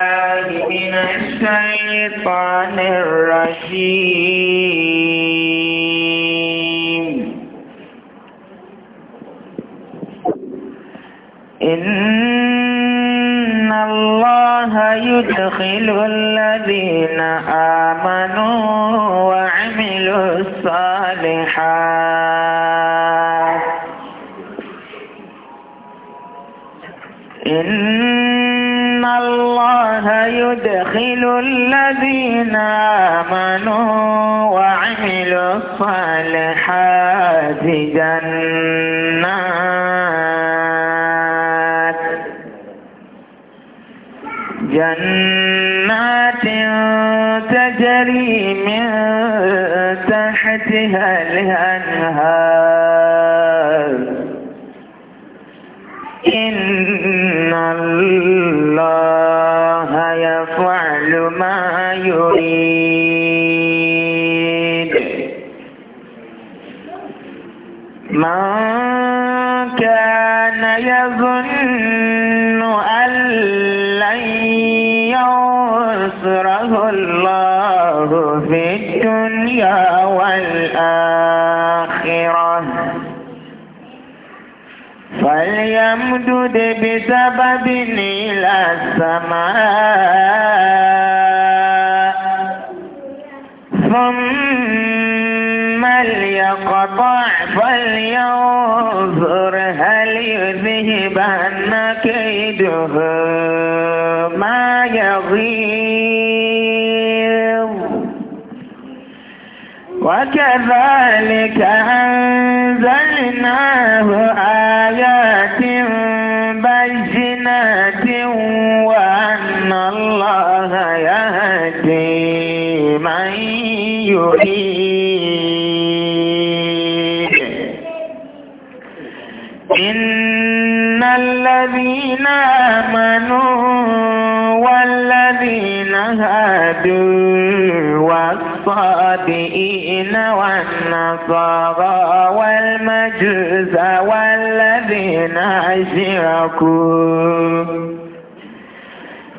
من الشيطان الرجيم إن الله يدخل الذين الجنة الدنيا والآخرة فليمدد بسبب إلى السماء ثم ليقطع فلينظر هل يذهبن كيده ما يغيب وكذلك أنزلناه آيات بينات وأن الله يهدي من يريد إن الذين آمنوا والذين هادوا الصابئين والنصارى والمجوس والذين أشركوا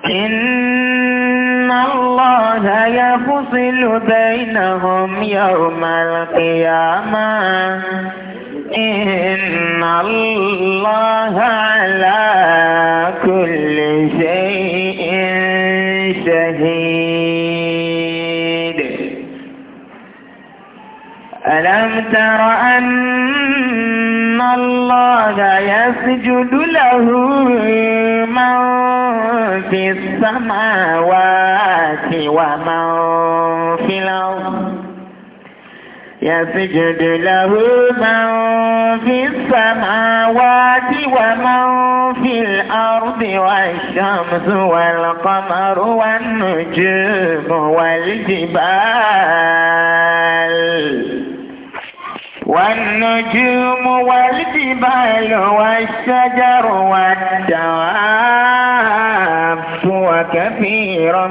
إن الله يفصل بينهم يوم القيامة إن الله على كل ألم تر أن الله يسجد له من في السماوات ومن في الأرض يسجد له من في السماوات ومن في الأرض والشمس والقمر والنجوم والجبال والنجوم والجبال والشجر والدواب وكثير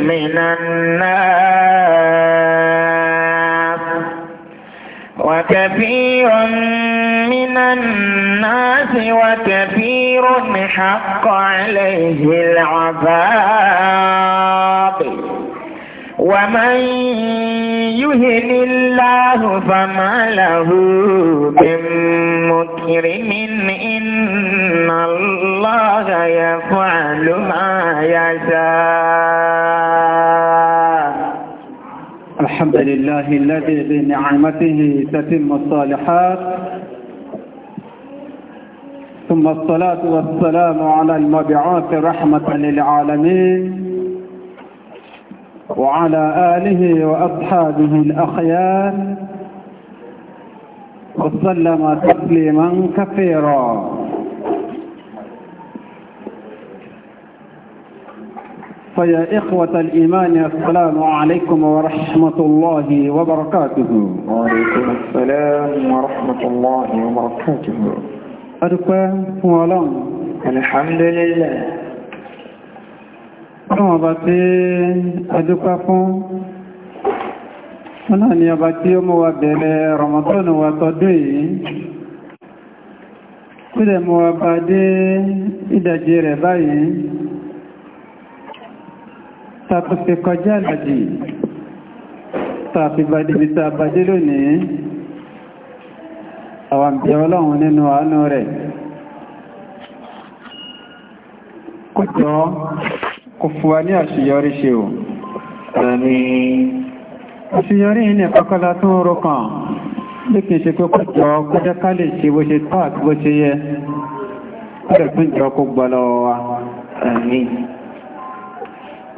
من الناس وكثير من الناس وكثير حق عليه العذاب ومن يهن الله فما له من مكرم إن الله يفعل ما يشاء الحمد لله الذي بنعمته تتم الصالحات ثم الصلاة والسلام على المبعوث رحمة للعالمين وعلى آله وأصحابه الأخيار وسلم تسليما كثيرا فيا إخوة الإيمان السلام عليكم ورحمة الله وبركاته وعليكم السلام ورحمة الله وبركاته أدوكم فوالان الحمد لله fún ọba tí adúpá fún wọn náà ni ọba tí ó mú wa bẹ̀rẹ̀ Ramadan wa tọdún yìí tí lè mú wa bá dé ìdajì rẹ̀ báyìí tàbí kọjá àlàjì tàbí bàdìbí tàbí lónìí àwọn àbí ọlọ́run nínú àánú rẹ̀ kó jọ kò fúwa ní àṣeyọrí ṣe o àṣeyọrí ní ẹ̀kọ́kọ́lá tó ń rọ́kàn bí kí n ṣe pé kọjọ kọjọ ká lè ṣe bó ṣe tó àti bó ṣe yẹ kọjọ tó jọ kó gbọ́ lọ́wọ́ wa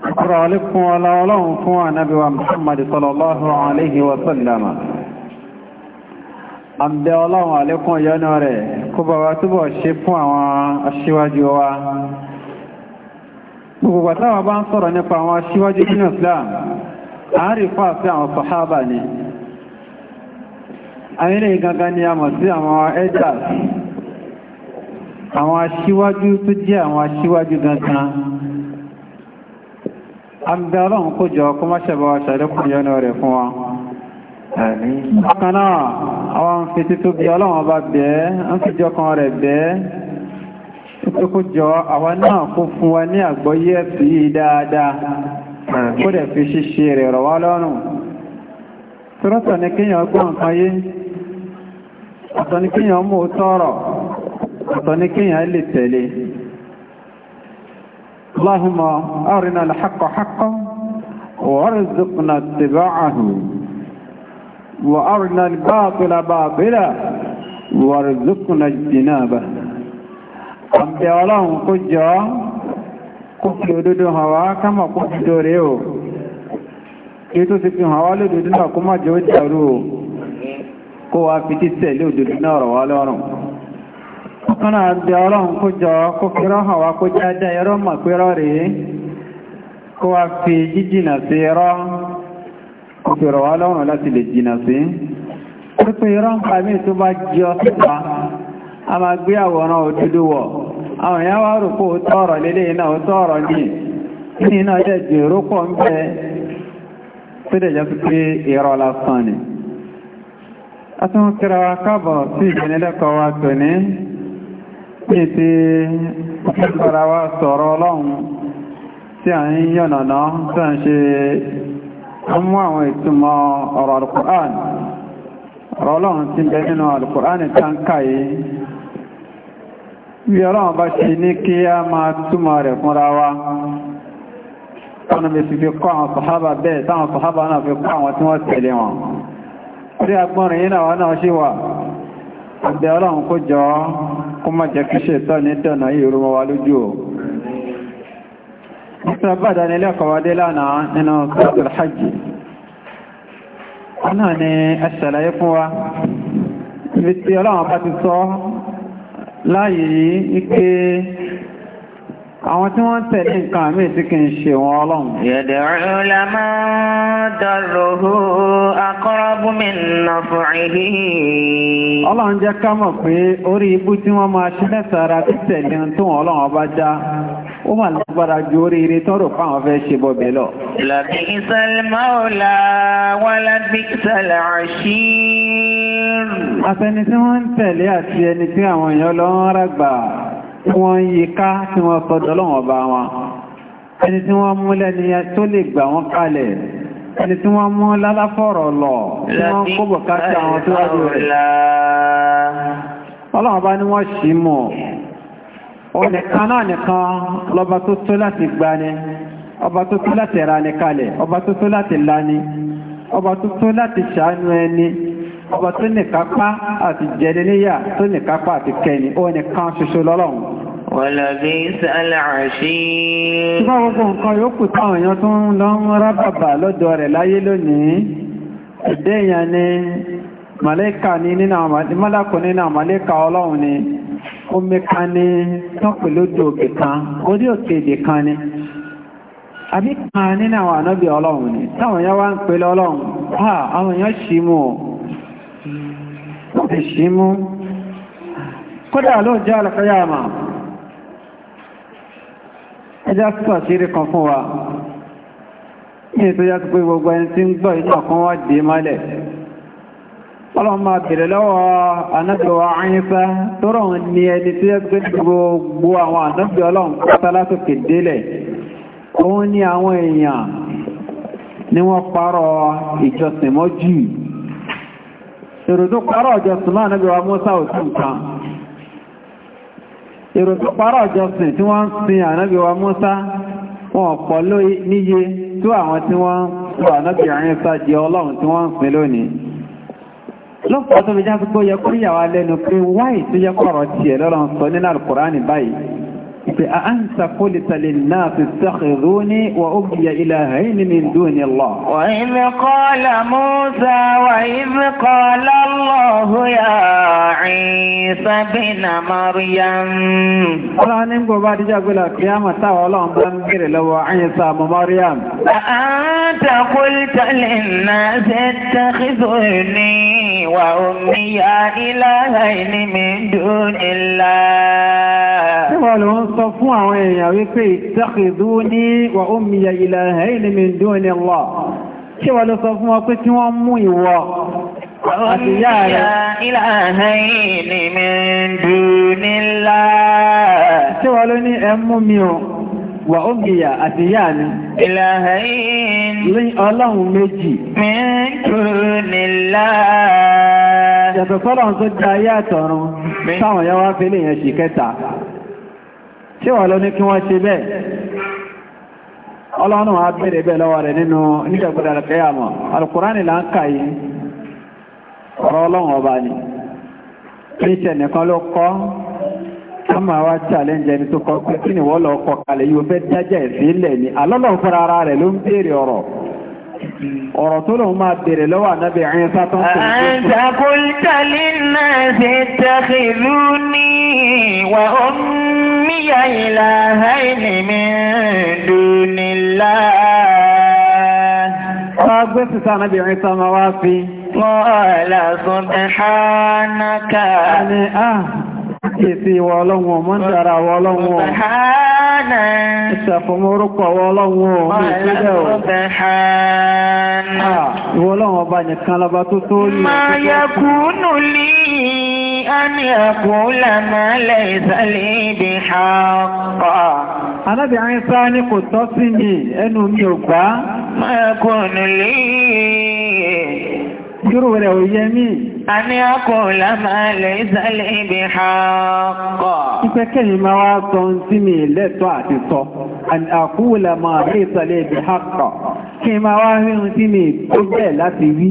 Àkúrà alékún ọlá ọlọ́run fún ànábíwa Muhammadu sallallahu alaihi wa sallama. Àbẹ̀ ọlọ́run alékún yọ́nà rẹ̀ kó bá wa túbọ̀ ṣe fún àwọn aṣíwájú wa gbogbo wàtàwà bá ń sọ̀rọ̀ nípa àwọn aṣíwájú nínú Islam àárífà sí àwọn sàhábà ni ayílẹ̀ gangan ni a mọ̀ sí àwọn ẹ̀dà àwọn aṣíwájú tó jẹ́ àwọn aṣíwájú gangan àbẹ̀rọ̀ ń kójọ kó má ṣẹ̀bọ̀ aṣàlékùn yọ́nà wa bákan náà àwọn fi títú bí ọlọ́wọ́n bá bẹ́ẹ̀ ń fi pé kó jọ àwa náà kó fún wa ní àgbọ́yé ẹ̀sì yìí dáadáa kó dẹ̀ fi ṣíṣe rẹ̀ rọ̀ wá lọ́rùn tọ́rọ̀tọ̀ ní kíyàn gbọ́ nǹkan yé ọ̀tọ̀ ní kíyàn mú tọ́rọ̀ ọ̀tọ̀ ní kíyàn lè tẹ̀lé وارزقنا الباطل باطلا وارزقنا اجتنابه ọ̀bẹ̀ ọlọ́run kó jọ kó fi òdodo hàn wá kámọ̀ kó fi dóre o kí tó ti fi hàn wá lódodo náà kó má jẹ́ ó dàrú o kó wá fi tí tẹ̀lé òdodo náà rọ̀ wá lọ́rùn kọ́nà àbẹ̀ ọlọ́run kó jọ kó fi rán hàn wá kó jáde ẹ̀rọ mọ̀ pé rọ́ rèé kó wá fi jíjìnà sí ẹ̀rọ kó fi rọ̀ lọ́rùn láti lè jìnà sí pípẹ́ ìrọ́ǹkà mí tó bá jẹ́ ọ́ a máa gbé àwòrán wọ̀ àwọn èèyàn wá rò tọ́ọ̀rọ̀ lélé iná tọ́ọ̀rọ̀ ní ní iná jẹ́ jèrò pọ̀ ń bẹ ìrọ̀ lásán ni a tún wa kábọ̀ sí wa tò ní ní ti wa sọ̀rọ̀ ọlọ́run tí a ń ń ṣe mú àwọn ìtumọ̀ ọ̀rọ̀ alùkùránì ọ̀rọ̀ ọlọ́run ti bẹ bí ọlọ́run bá ti ní kí a máa túmọ̀ rẹ̀ fúnra wa ọ̀nàmì fi kọ́ àwọn sọ̀hábà bẹ́ẹ̀ táwọn sọ̀hábà náà fi kọ́ àwọn tí wọ́n tẹ̀lé wọn orí agbọ́nrin yìí náà náà ṣe wà ọ̀dẹ̀ ọlọ́run kó jọ kó má jẹ́ kí ṣètọ́ ní dọ̀nà yìí láyé yìí wípé àwọn tí wọ́n tẹ̀lé nǹkan àmì tí kì í ṣe wọn ọlọ́run. yẹ̀dẹ̀ ọ̀la máa dọ̀rọ̀ hó akọ́rọ́bùmínà fún ìdí. ọlọ́run jẹ́ ká mọ̀ pé orí ibú tí wọ́n máa ṣe lẹ́sàára títẹ̀lé tó ó mà lágbára ju oríire tán rò fáwọn fẹ́ ṣe bọ́ bẹ́ẹ̀ lọ. làbí ìsàlmáòlà wà lábí ìsàlẹ̀ àṣír. àtẹni tí wọ́n ń tẹ̀lé àti ẹni tí àwọn èèyàn lọ ń rágbà tí wọ́n ń yí ká tí wọ́n sọdọ̀ lọ́wọ́ bá wọn ẹni tí wọ́n mú lẹ́ni tó lè gbà wọ́n kalẹ̀ ẹni tí wọ́n mú lálàfọ̀rọ̀ lọ tí wọ́n kó bọ̀ká àwọn tó wájú rẹ̀ ọlọ́run bá ní wọ́n ṣì ọ̀nìkan náà nìkan lọba tó tó láti gbani ọba tó tó láti kalẹ̀ ọba tó tó láti lani ọba tó tó láti ṣàánú ẹni ọba tó nìkápá àti níyà tó nìkápá àti kẹni ọ̀nìkan ṣoṣo lọ́lọ́run tó ni, màlẹ́kà nínú àmàlẹ́kà omi kan ní tọ́pẹ̀ lójú òkè kan orí òkè èdè kan ní àbí kan nínú àwọn ànábì ọlọ́run ni táwọn èèyàn wá ń pè lọ́lọ́run ha àwọn èèyàn ṣì mú ọ̀ ti ṣì mú kódà ló alẹ́kọ́yà àmà ẹjá sọ àṣírí kan fún wa ní ètò yàtọ̀ pé gbogbo ẹni tí ń gbọ́ ìjọ kan wá dé mọ́lẹ̀ ọlọ́mọ bèèrè lọ́wọ́ anábíwa àyíká tọ́rọ ní ẹni tí ó gbé gbogbo àwọn anábí ọlọ́run pátá látòkè délẹ̀ òun ni àwọn èèyàn ni wọ́n parọ́ ìjọsìn mọ́jú ìrùdó parọ́ ìjọsìn tí wọ́n wọn pọ̀ níye tó àwọn tí wọ́n sọ di ọlọ́run tí wọ́n lónìí lọ́pọ̀ tó fi já sí pé ó yẹ kó yà wá lẹ́nu pé wáyé tó yẹ kọ̀rọ̀ tiẹ̀ lọ́rọ̀ sọ nínú àlùkùránì báyìí فأنسى قلت للناس اتخذوني وأمي إلهين من دون الله وإذ قال موسى وإذ قال الله يا عيسى بن مريم قرآن إمكو بعد جاء قولا قيامة تاولا ومبنكر لو عيسى مريم فأنت قلت للناس اتخذوني وأمي إلهين من دون الله sọ fún àwọn èèyàn wípé ìtẹ́kìdú ní wà ó mìyà ilẹ̀ ẹ̀hẹ́ min duni Allah kí wà ló sọ fún wọn pé kí wọ́n mú ìwọ àti ìyá rẹ̀ ilẹ̀ ẹ̀hẹ́ min duni Allah kí wà ló ní ẹ mú mi o wà ó àti ìyá mi ilẹ̀ ẹ̀hẹ́ ọlọ́run méjì yàtọ̀ sọ́lọ́run tí wà ló ní kí wọ́n ṣe bẹ́ẹ̀ ọlọ́nà wọ́n bẹ̀rẹ̀ bẹ́ẹ̀ lọ́wọ́ rẹ̀ nínú nígbàgbọ́dà rẹ̀ àmọ́ alukùránì là ń kà yìí ọ̀rọ̀ ọlọ́run ọba ni kíṣẹ̀ nìkan ló kọ́ a ni ورسوله ما أدري لو أنا بعيسى أنت قلت للناس اتخذوني وأمي إلهين من دون الله أقبلت سنة عيسى موافي قال سبحانك أنا أه kíyèsí ìwọ ọlọ́run ọmọ ń dára wọ ọlọ́run ọ̀ ìṣẹ̀fún orúkọ wọ ọlọ́run ọ̀ ní ìpínlẹ̀ ọ̀ ìwọ ọlọ́run ọba nìkan lọba tó tó rí أن يقول ما ليس لي بحق Anábì Àìsá ní kò tọ́ Irú rẹ̀ ò yẹ mí. A ní ọkọ̀ lámà lè sálẹ̀ ibi àkọ́. Ipẹ́ kẹ́yìn máa wá sọ ń sí mi lẹ́tọ́ àti sọ. Àkú lámà lè sálẹ̀ ibi àkọ́. Kí máa wá rí ohun tí mi tó bẹ̀ láti wí.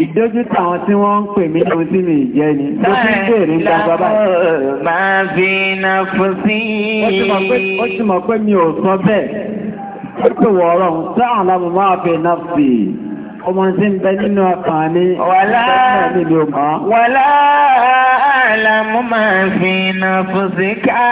Ìdójútà àwọn tí wọ́n ń pè mí ní ohun tí mi jẹ́ ni. Mo fi ń bèèrè ń gbàgbà báyìí. Máa fi iná fún sí. Ó ti mọ̀ pé mi ò sọ bẹ́ẹ̀. Ó pè wọ̀ ọ̀rọ̀ ń sáà lábọ̀ máa fi iná sí i ọmọ tí ń bẹ nínú ọkàn ní wàlá àlàmú máa fi iná fòsíká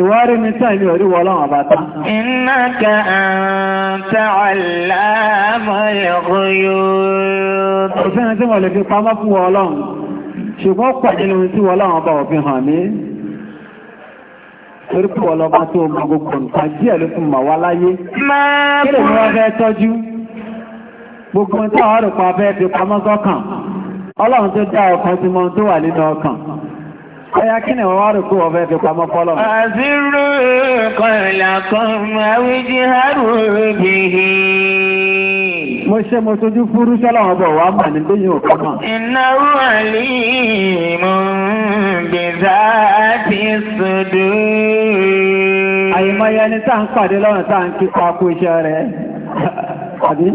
ìwárí mi tàn ní orí wọ́lọ́wọ́ bá tán iná ka àǹtà àlàmọ́ ẹ̀kọ́ yóò òfin tí wọ́n pamọ́ fún Ọlọ́run ṣùgbọ́n pàdé lórí tí Ọlọ́run òfin hàn ní torí pé Ọlọ́run bá tó gbogbo nǹkan díẹ̀ ló fún màwá láyé kí lè ní wọ́n fẹ́ tọ́jú gbogbo tí àwọn àrùpa bẹ́ẹ̀ fi pamọ́ sọ́kàn ọlọ́run tó dá ọkàn tí mọ́ tó wà nínú ọkàn ọya kí ni wọ́n rò kó wọ́n fẹ́ fi pamọ́ fọ́lọ́ mo ṣe mo tójú fúrú sọ́lọ́wọ́n bọ̀ wá mà ní lóyún òkú náà ìnáwó àlè mọ̀ bèèrè àti sódò àyèmọ́ yẹni tá ń pàdé lọ́rùn tá ń kí pa kó iṣẹ́ rẹ̀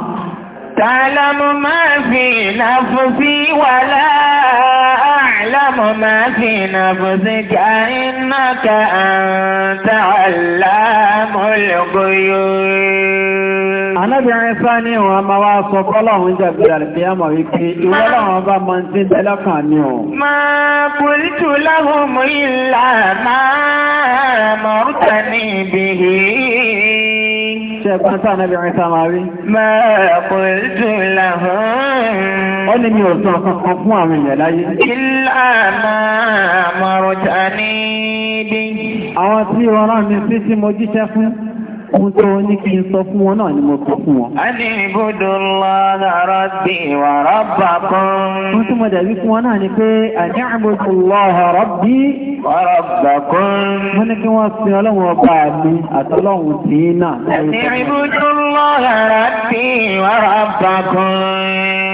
تعلم ما في نفسي ولا أعلم ما في نفسك إنك أنت علام الغيوب Anábìnrin Sáni wọn a máa wá sọ fọ́lọ́run jẹ́ ìgbẹ̀rẹ̀ pé a mọ̀ wípé ìwọ́ láwọn bá mọ́ tí ń tẹ́lẹ̀ kan ní ọ̀. Máa kùlítù láhùn mú ìlà máa mọ̀rútà ní ìbìhì ẹgbọ́n sáà náà bẹ̀rẹ̀ sáà máa rí. Máa kò dùn láhùn. Ó ní mi ò sọ kankan fún àwọn èèyàn láyé. Ìlànà àmọ̀rùn-ún ní bí. Àwọn tí wọ́n mi sí tí mo jíṣẹ́ fún. Ohun tó ní kí n sọ fún wọn náà ni mo sọ fún wọn. A ní ibùdó lọ àrọ́ bí wà rọ́bà kan. Wọ́n tún mọ̀ dàbí fún wọn náà ni pé àní àbùkù lọ ọ̀rọ̀ bí wà rọ́bà kan. Wọ́n ní kí wọ́n sin ọlọ́run ọba mi àtọ́lọ́run tí náà. Àní ibùdó lọ àrọ́ bí wà rọ́bà kan.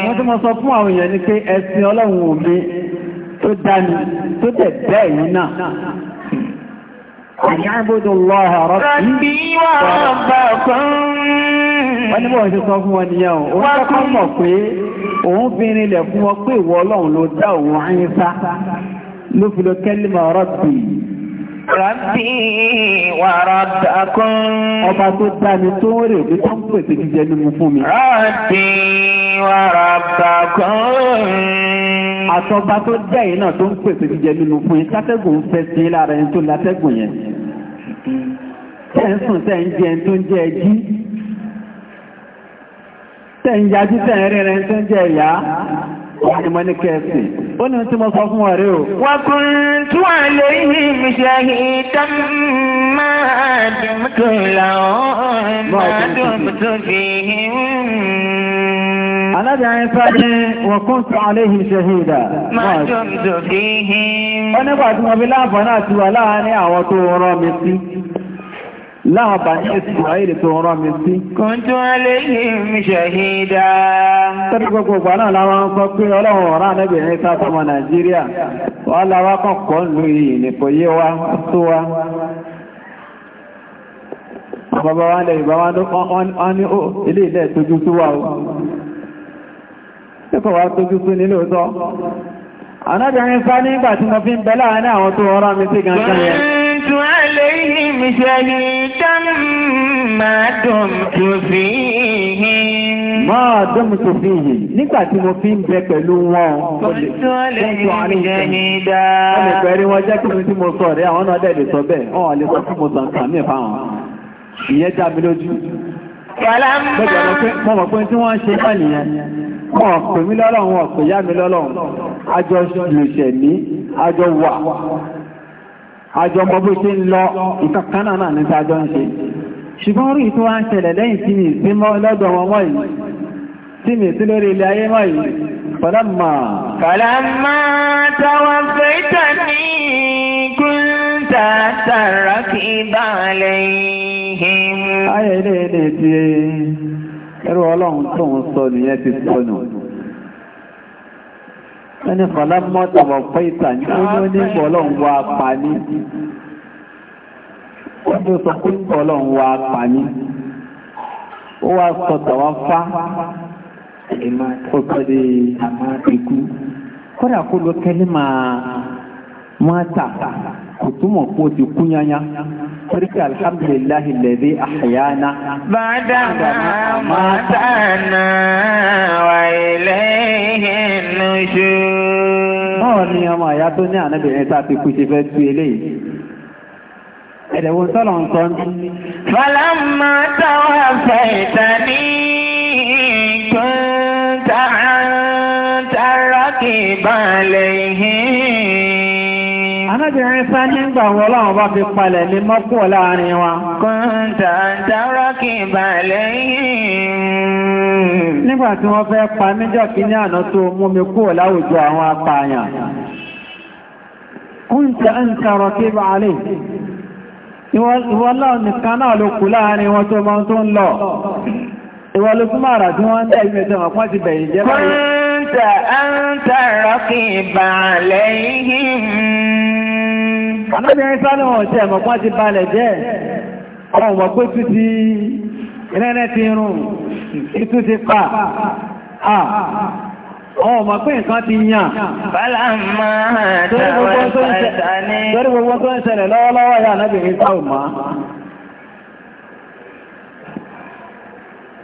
Wọ́n tún mọ̀ sọ fún àwọn èèyàn ni pé ẹ̀sìn ọlọ́run mi tó dá tó tẹ̀ bẹ́ẹ̀ yìí náà. أن يعبدوا الله ربي وربكم wọ́n ní wọ́n ṣe sọ fún wọn nìyẹn o ó kọ́kọ́ mọ̀ pé òun fi rinlẹ̀ fún wọn pé ìwọ ọlọ́run ló dá òun àyínsá ló fi lọ kẹ́lí mọ̀ rọ́bì. rọ́bì wà rọ́bà kan àtọ́gbá tó jẹ́ yìí náà tó ń pèsè jíjẹ nínú fún yín látẹ́gùn ń fẹ́ sí lára ẹni tó látẹ́gùn yẹn tẹ́ ń sùn tẹ́ ń jẹ tó ń jẹ ẹjí tẹ́ ń yajú tẹ́ ń rẹ́rẹ́ tó ń jẹ ẹ̀yá wọ́n ní kẹ́ẹ̀sì ó ní tí mo sọ fún ọ̀rẹ́ o wọ́n kún tún àlè yìí ṣe ìtàn máa dùn tó làwọn máa dùn tó fi hìn Alábìnrin sáré wọ̀n kún tó aléhìn ṣehìdà. Máa jọ jọ bí i. Ó nígbà tí wọ́n fi láàbọ̀ náà ti wà láàárín àwọn tó rán mi sí láwọn bá ní ìsìnwáìrì tó rán mi sí. Kùntù aléhìm ṣàhídá. Tẹ́lẹ̀ gbogbo ọgbà náà láwọn ń sọ pé ọlọ́run ọ̀rá nẹ́bìnrin sátọmọ Nàìjíríà, wọ́n láwá kọ̀kọ́ lú ìnìkò yé wa tó wá ní Ṣépò wá tó gbígbé nílò tọ́. Ànábìnrin sá nígbà tí mo fi ń bẹ láàárín àwọn tó ọ̀rọ̀ mi sí gangan yẹn. Kùntùn àléhìm ṣẹ̀lì dámàdùn tó fi hìn. Máa dọ́mù tó fi hìn nígbà tí mo fi ń bẹ pẹ̀lú wọn. Kùntùn àléhìm ṣẹ̀lì dá. tí Wọ́n wà lè Ìyẹn wọn pè mí lọ́lọ́run wọn yá mi lọ́lọ́run àjọ lòṣẹ̀ ní àjọ wà àjọ mọ bó ṣe ń lọ ìkankan náà náà níta àjọ ń ṣe ṣùgbọ́n rí tó wá ń ṣẹlẹ̀ lẹ́yìn tí mi sí lọ́dọ̀ wọn mọ́ yìí tí mi sí lórí ilé ayé mọ́ yìí pọ̀lọ́mà kàlámà tàwọn fẹ́ta ní ẹrù ọlọ́run tó ń sọ nìyẹn ti sọ nù ẹni fọlá mọ́tàbọ̀ pẹ́ ìtà ní onígbọ̀ ọlọ́run wà pa ní wọ́n tó sọ pé ìgbọ̀ ọlọ́run wà pa ní ó wá sọ tàwọn fá ọ̀sọ̀dẹ̀ àmà ikú kọ́dà kó ló قلت الحمد لله الذي أحيانا بعدما ماتنا وإليه النشور يا ما يا دنيا أنا بعيسى في كشفت لي فلما توفيتني كنت أنت الركيب عليه arábìnrin sá nígbà wọ́n láwọn bá fi palẹ̀ lè mọ́kùn láàrin wa. kọ́ńtà dára kí tí wọ́n fẹ́ pa níjọ́ àná tó mú mi àwọn apààyàn. kọ́ńtà ń tarọ kí nìkan náà ló kù láàrin wọn tó máa tó ń lọ ìwọ́ tí ń dẹ̀ ìgbẹ̀tẹ̀ Ànábìnrin sáré wọn ṣe ẹ̀mọ̀pá ti balẹ̀ jẹ́ ọmọ ọmọ pé tún ti rẹ́rẹ́ ti rùn títún ti pa. Ọmọ ọmọ pé nǹkan ti yàn. Bálá máa dáwọ́ ìfẹ́ta ní. Torí gbogbo tó ń ṣẹlẹ̀ lọ́wọ́lọ́wọ́ yà ànábìnrin sá ò máa.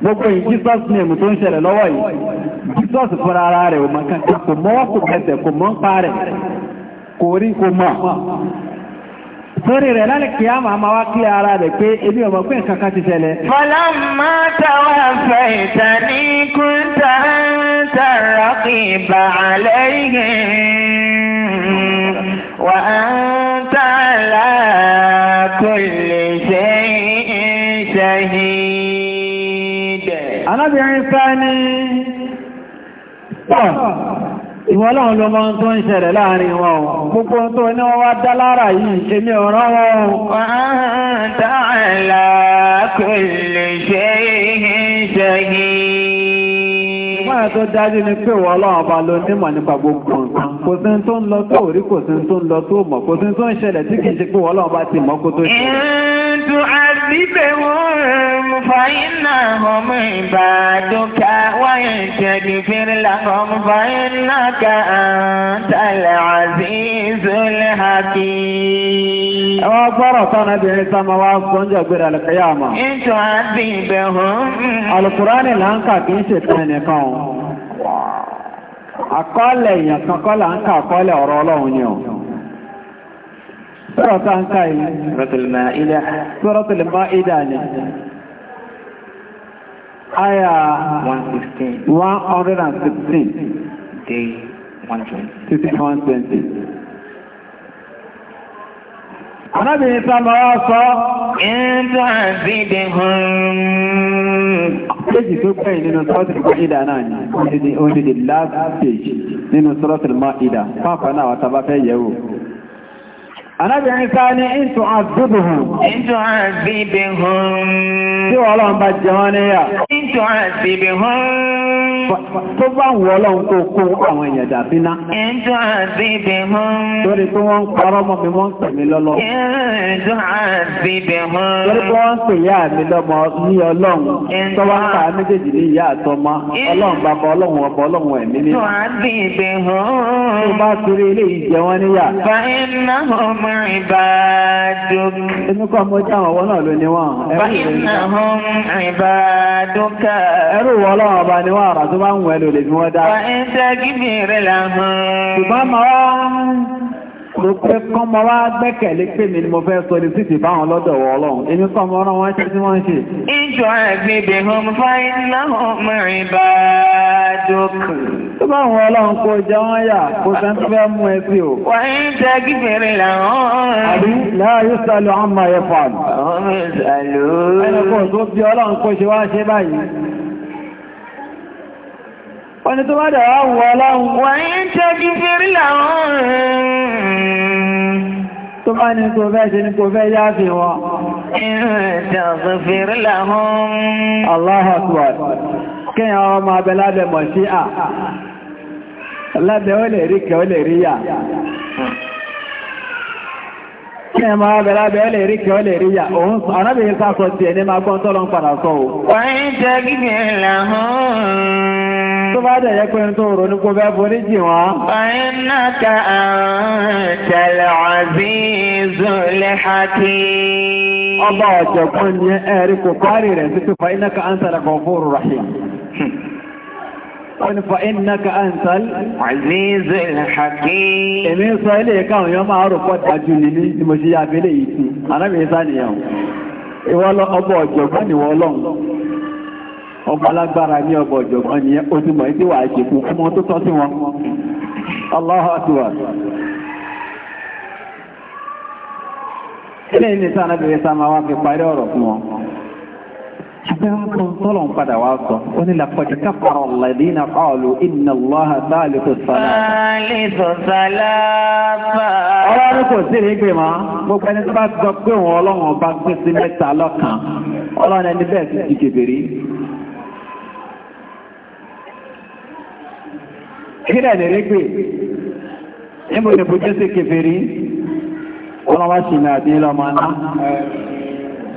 Gbogbo yìí Jesus ní èmù tó ń ṣẹlẹ̀ lọ́wọ́ yìí. Jesus fúnra ara rẹ̀ ò mọ̀ kankan kò mọ́ kò bẹ̀sẹ̀ kò mọ́ ń pa rẹ̀ kò rí kò mọ̀. Sórí rẹ̀ lálẹ́ kí á máa wá kí ara rẹ̀ pé ebi ọmọ pé nǹkan ti ṣẹlẹ̀. Fọlá máa tàwa fẹ́ ìta ní kúńtà ń tàrà kí ìbà àlẹ́ yìí. Wà á ń tà láàkúlè ṣe ṣahídẹ̀. Alábìnrin sá ní pọ̀ ìwọ́n ọlọ́run ló mọ́ tó ń ṣẹlẹ̀ láàrin wọn gbogbo tó ní wọ́n wá dá lára yìí èmi ọ̀rán wọn wa anta ala kulli shay'in shahid Wọ́n tó dájú ni pé wọ́n lọ́wọ́ bá lọ nímọ̀ nípa gbogbo nǹkan. Kò sí tó ń lọ tó rí, kò sí tó ń lọ tó mọ̀, kò sí tó ń ṣẹlẹ̀ tí kìí ṣe pé wọ́n lọ́wọ́ bá ti mọ̀ kó tó ṣe. Ìrìnàjò àdìbẹ̀ wọ́n fàyínà ọmọ ìbàdókà wáyé ìṣẹ́gi fírílà ọmọ fàyínà ká àǹtàlẹ̀ àzízúlẹ̀ hàkì. Ẹwà gbọ́rọ̀ tánà bí ẹni sáma wá gbọ́njọ́ gbéra lẹ́kẹ̀yà Ìjọ àdìbẹ̀ wọ́n. Àlùkùránì là ń kà kì í ṣètàn ẹnìkan o àkọọ́lẹ̀ èèyàn kan kọ́là ń ká àkọọ́lẹ̀ ọ̀rọ̀ ọlọ́run ni ọ̀ sọ́rọ̀ tá ká yìí 116 day 120 Arábìnrin tá máa wá sọ, ẹ̀ẹ́dà àbídẹ hàn. Péjì tó kẹ́yìn nínú Suratul Ma'ida náà ni, ó ní the last page nínú Suratul Ma'ida, fáfà náà wà tàbá fẹ́ yẹ̀wò. Anábìnrin ká ní ìtù àdúbùhùn. Ìtù àdúbùhùn. Tí wọ́n lọ́n bá jẹ wọ́n níyà. Ìtù àdúbùhùn. Tó bá wù ọlọ́run kó kó àwọn èèyàn dàbí ná. Ìtù àdúbùhùn. Lórí pé wọ́n ń parọ́ mọ́ mi wọ́n ń pè mí lọ́lọ́. Ìtù àdúbùhùn. Lórí pé wọ́n ń pè ìyá mi lọ́mọ hum ibaduk. Èmi kọ́ mo jẹ́ àwọn náà ló ní wọ́n. Fa innahum ibaduka. Ẹrù wọ ọlọ́run ọba ni wọ́n àrà tó bá ń wẹ̀ lò lè fi wọ́n dá. Fa in takbir lahum. Ṣùgbọ́n màá rò pé kán mọ wá gbẹ́kẹ̀lé pé mi ni mo fẹ́ sọ ní títì báwọn lọ́dọ̀ wọ ọlọ́run èmi kàn mọ ọ̀rọ̀ wọn ṣe tí wọ́n ń ṣe. ìjọ àgbègbè hàn fáyín náà mẹ́rin bá dókè. tó bá wọn ọlọ́run kó jẹ wọ́n yà kó sẹ́ńtì fẹ́ mú ẹ sí o. wà á ń làwọn. àbí láàyè sálọ àmà ẹ̀fọ́ àná. ọ̀hún sálọ. ẹnì kan tó bí ọlọ́run kó ṣe wá ṣe báyìí wọ́n ni tó bá dàwà wọ́ ọlọ́run wọ́n ń tẹ́jú fírí làwọn tó bá ní kò bẹ́ẹ̀ ṣe ní kò bẹ́ẹ̀ yá fi wọn ìrìnàjò fírí làwọn Allahu Akbar kíyàn ọmọ abẹ lábẹ̀ Ṣé ma máa bẹ̀rẹ̀ abẹ́ lè rí kí ọ lè rí yà? Òun àrábìnrin sásọ tiẹ̀ ní máa gbọ́n tọ́lọ́ ń padà sọ o. Wọ́n ń jẹ́ gígẹ̀ làhún tó bá dẹ̀ ka wọ́n ni fa innaka antal azizul hakim èmi ń sọ ilé ìkáwọn yọ máa rò dájú ní ní mo ṣe ya abẹ́lé yìí tí arábìnrin sáníyàn ìwọ́lọ́ ọgbọ̀ ọ̀jọ̀gbọ́n ni wọ́n lọ́n ọgbọ̀ alágbára ní ọgbọ̀ ọ̀jọ̀gbọ́n ni ó ṣùgbọ́n tọ́lọ̀ ń padà wá sọ ó ní làkọ̀jù káfàrà alladhina qalu inna Allaha thalithu thalatha. thalithu thalatha. gbogbo ẹni tó bá gbọ́ pé òun ọlọ́run ọba pín sí mẹ́ta lọ́kàn ọlọ́run ẹni bẹ́ẹ̀ sì ti kèbèrè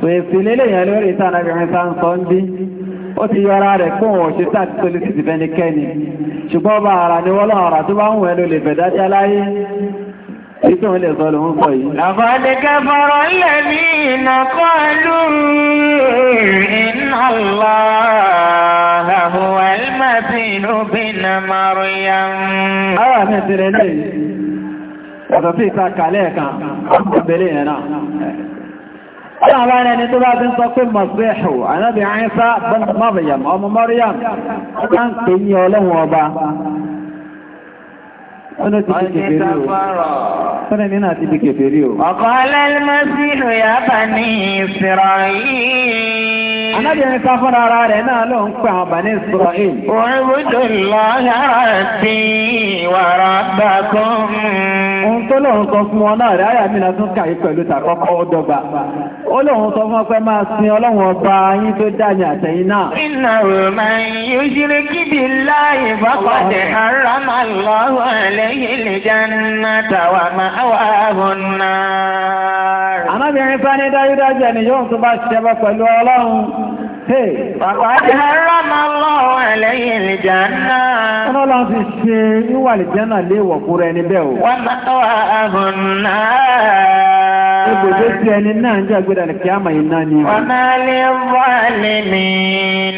so èsì nílé yẹn lórí ìtànàbìnrin tá ń sọ ń bí ó ti yọra rẹ̀ fún òṣìṣà tí tó lè ti dìbẹ́ni kẹ́ni ṣùgbọ́n bá ara ni wọ́n lọ́ọ̀rà tó bá ń wẹ̀ ló lè bẹ̀dá sí aláyé Ìtò ilẹ̀ sọ lòun sọ yìí. Àwọn ará ẹni tó bá ti ń sọ pé Mọ̀síhù, ànábì Àìsá, Mọ́bìyàm, ọmọ Mọ́ríyàm, ọjá ń pè ní ọlọ́run ọba. Ọ̀nà ti bí kèfèrí o. Ọ̀nà ní náà ti bí kèfèrí o. Anábìnrin kan ara rẹ̀ náà ló ń pè àwọn Bani Israel. Òrùbùdó lọ́yà bí wàrà bàkún. Ohun tó lóun sọ fún wọn náà rẹ̀ ayà mi náà tún kàyí pẹ̀lú tàkọ́kọ́ ó dọ́gba. Ó lóun sọ fún ọpẹ́ máa sin ọlọ́run ọba yín tó dáàyè àtẹ̀yìn náà. Iná Roma kíbi lè tàwa máa wà Ọlọ́run ti ṣe níwà lè jẹ́ náà lé ìwọ̀kúrọ ẹni bẹ́ẹ̀ o. Wọ́n bá tọ́ ààrùn náà. Ibùdó tí ẹni náà ń jẹ́ àgbéra kí á màá iná ni. Wọ́n máa lè wà lè mi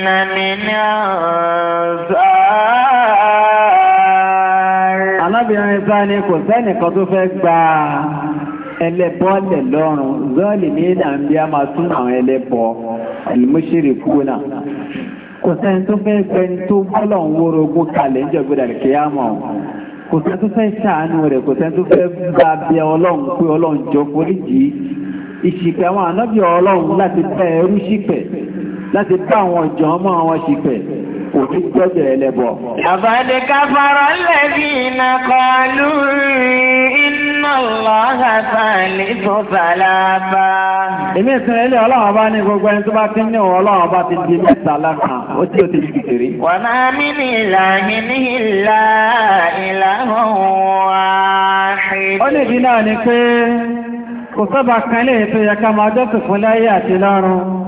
nàmì ní ọ̀sán. Alábìnrin sáà ni kò sẹ́nìkan tó fẹ́ gbà á ẹlẹ́bọ́ lẹ̀ lọ́rùn zọ́ọ̀lì ní ìdàmbí a máa tún àwọn ẹlẹ́bọ́ ẹlẹ́mọ́ṣẹ́rẹ̀ kúnà kò sẹ́ni tó fẹ́ fẹ́ni tó bọ́lọ̀ ń wóró ogún kalẹ̀ ń jọ̀gbọ́dà kíyàmọ̀ kò sẹ́ni tó fẹ́ ṣàánú rẹ̀ kò sẹ́ni tó fẹ́ bá bí ọlọ́run pé ọlọ́run jọ foríjì ìṣìpẹ̀ àwọn ànábì ọlọ́run láti bá ẹrú ṣìpẹ̀ láti bá àwọn ọ̀jọ̀ ọmọ àwọn ṣìpẹ̀ kò ní gbọ́dọ̀ ẹlẹ́bọ. àbádé káfàrọ̀ lẹ́bí iná kọlu iná lọ́gà sàlì tó sàlábà. èmi ìsinmi ilé ọlọ́run bá ní gbogbo ẹni tó bá ti ní ọlọ́run bá ti di mẹ́ta lánàá náà ni pé kò sọ́ba kan lè tó yẹ ká máa jọ́sìn fún láyé àti lọ́run.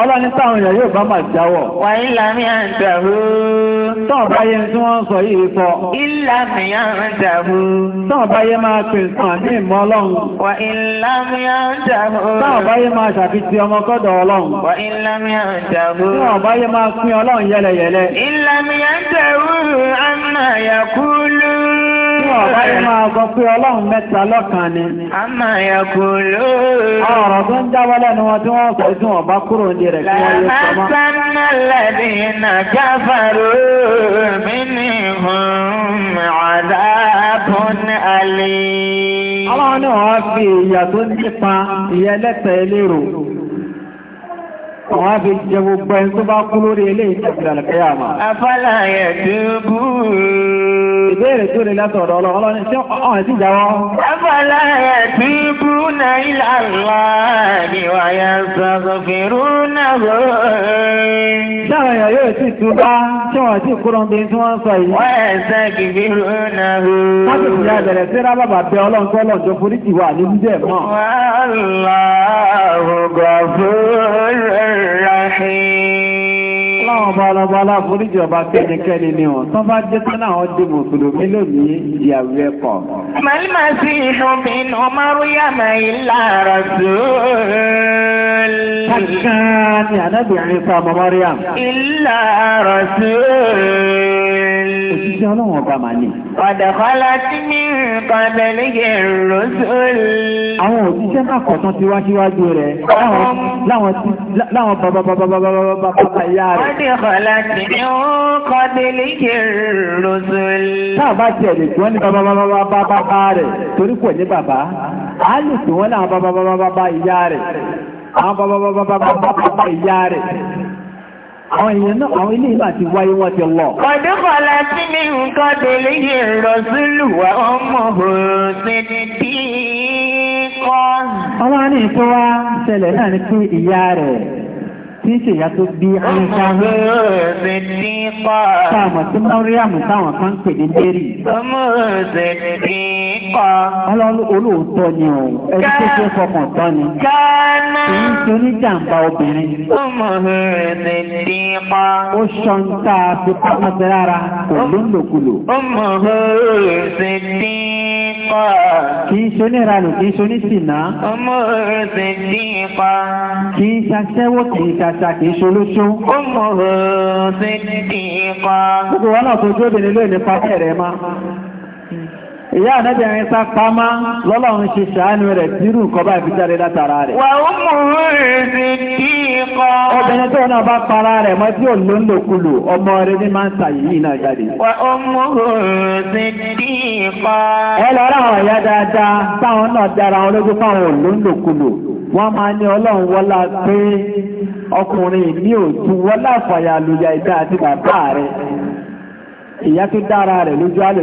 ọlọ́ni táwọn èèyàn yóò bá máa jáwọ̀. wà ìlàmí àǹtàhù. tọ́ọ̀ báyé tí wọ́n ń sọ yìí sọ. ìlàmí àǹtàhù. tọ́ọ̀ báyé máa pè sàn ní ìmọ̀ ọlọ́run. wà ìlàmí àǹtàhù. tọ́ọ̀ báyé máa ṣàfihàn ọmọ kọ́dọ̀ ọlọ́run. wà ìlàmí àǹtàhù. tọ́ọ̀ báyé máa pín ọlọ́run yẹ́lẹyẹ̀lẹ. ìlàmí àǹtàhù àmà yàkúlù ọ̀bá yìí máa gọ pé ọlọ́run mẹ́ta lọ́kan ni. A máa yà kò lóòrùn. Ọ̀rọ̀ tó ń jábọ́ lẹ́nu wọn tí wọ́n sọ ìdún ọ̀bá kúrò ní rẹ̀ kí wọ́n yóò sọmọ́. Làmásánà lẹ́bí na jáfàrò mí ní Àwọn àfi jẹ gbogbo ẹni tó bá kú lórí ilé ìtàkìlà lẹ́kẹ́yà máa. Afálà ẹ̀ tí ó bú. Ìbéèrè tó lè látọ̀rọ̀ ọlọ́rọ̀ ní ṣe ọ̀hún sí ìjáwọ́. Afálà ẹ̀ tí ó bú na ilà wà ní wáyà sọ̀rọ̀ fèrú náà rọ̀. yóò sì tún tí wọ́n الرحيم اللهم بارك على فرج وباكين كلمه طبعا جتنا ودي مسلمين يا ويقوم ما المسيح بن مريم إلا رسول حقا يا نبي عيسى مريم إلا رسول Òṣìṣẹ́ ọlọ́run ọba màá ní. Ọ̀dọ̀kọ́lá tí mi kan bẹ̀lẹ́ yẹ rọ́sọ̀lì. Àwọn òṣìṣẹ́ kàkọ̀tán ti wá síwájú rẹ̀. Láwọn bàbá bàbá bàbá bàbá bàbá ìyá rẹ̀. Ọ̀dọ̀kọ́lá tí mi kan bẹ̀lẹ́ yẹ rọ́sọ̀lì. Táà bá tiẹ̀ lè tí wọ́n ní bàbá bàbá bàbá bàbá rẹ̀ torí kò ní bàbá. À lè tí wọ́n láwọn bàbá bàbá bàbá ìyá rẹ̀. Àwọn bàbá bàbá bàbá ìyá rẹ̀ àwọn èèyàn náà àwọn ilé ìgbà ti wáyé wọ́n ti lọ. ọ̀dọ́kọ̀lá tí mi nǹkan tó lè yẹ rọ̀sílù wa ọmọ òṣèlú Àwọn àní ìtura ṣẹlẹ̀ náà ni pé ìyá rẹ̀ tí ń ṣèyá tó bí àyíká táàmù tí Mariam táwọn kan pè ní Mary. Ọlọ́run olóòótọ́ ni ọ̀ ẹni tó ṣe fọkàn tán ni. Kì í ṣe oníjàmbá obìnrin. Ó ṣan tá a fi pápá sí rárá kò ọmọ kìí ṣe oníranù kìí ṣe onísìnà ọmọ òsè dípa kìí ṣaṣẹ́wó kìí ṣaṣà kìí ṣe olóṣó ọmọ òsè dípa gbogbo wọn náà tó jóde nílé nípa bẹ́ẹ̀rẹ̀ máa ìyá ànábìnrin sá pamá lọ́lọ́run ṣe ṣàánú rẹ̀ tírù kọba ìfijáde látara rẹ̀. wà ó mú èrè kí kọ́. obìnrin tó náà bá para rẹ̀ mọ́ ní máa ra àwọn ìyá dáadáa táwọn náà dára àwọn ológun fáwọn ò ló ń lòkulù wọ́n máa ní ọlọ́run wọ́lá pé ọkùnrin ní òtú wọ́lá fàyà lùyà ìdá àti bàbá rẹ̀ ìyá tó dára rẹ̀ lójú àlè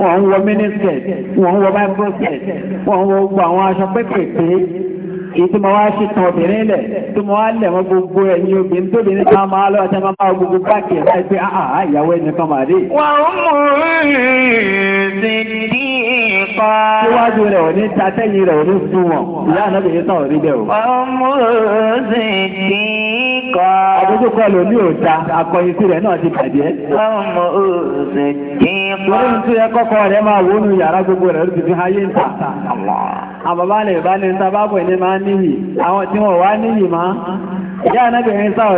wọ́n ń wọ mínísẹ̀t wọ́n ń wọ microset wọ́n ń wọ gbogbo àwọn aṣọ pẹ́pẹ̀pẹ́ èyí tí ma wá ṣe tàn obìnrin lẹ̀ tí ma wá lẹ̀ mọ́ gbogbo ẹ̀yìn obìnrin tó bìnrin kan máa lọ́wọ́ tẹ́ máa gbogbo báàkì ẹ̀ àà ah, ah, ìyàwó ẹnìkan màá dé. wà mú un sí Tíwájú rẹ̀ ò ní ta tẹ́yìn rẹ̀ ò ní fún wọn. Ìyá ànábì Ọmọ òsì ti kọ́. Àdójú kọ́ ní òta, akọyin sí rẹ̀ náà ti bàjẹ́. Ọmọ òsì ti kọ́. Lórí tí ẹ kọ́kọ́ rẹ̀ máa wó nu yàrá gbogbo rẹ̀ lórí ayé ń nta. Àbàbá lè bá ní bábọ̀ ní máa níyì, àwọn tí wọ́n wá níyì Ìyá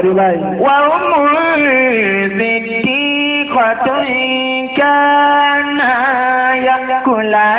rí báyìí. Wà ó mú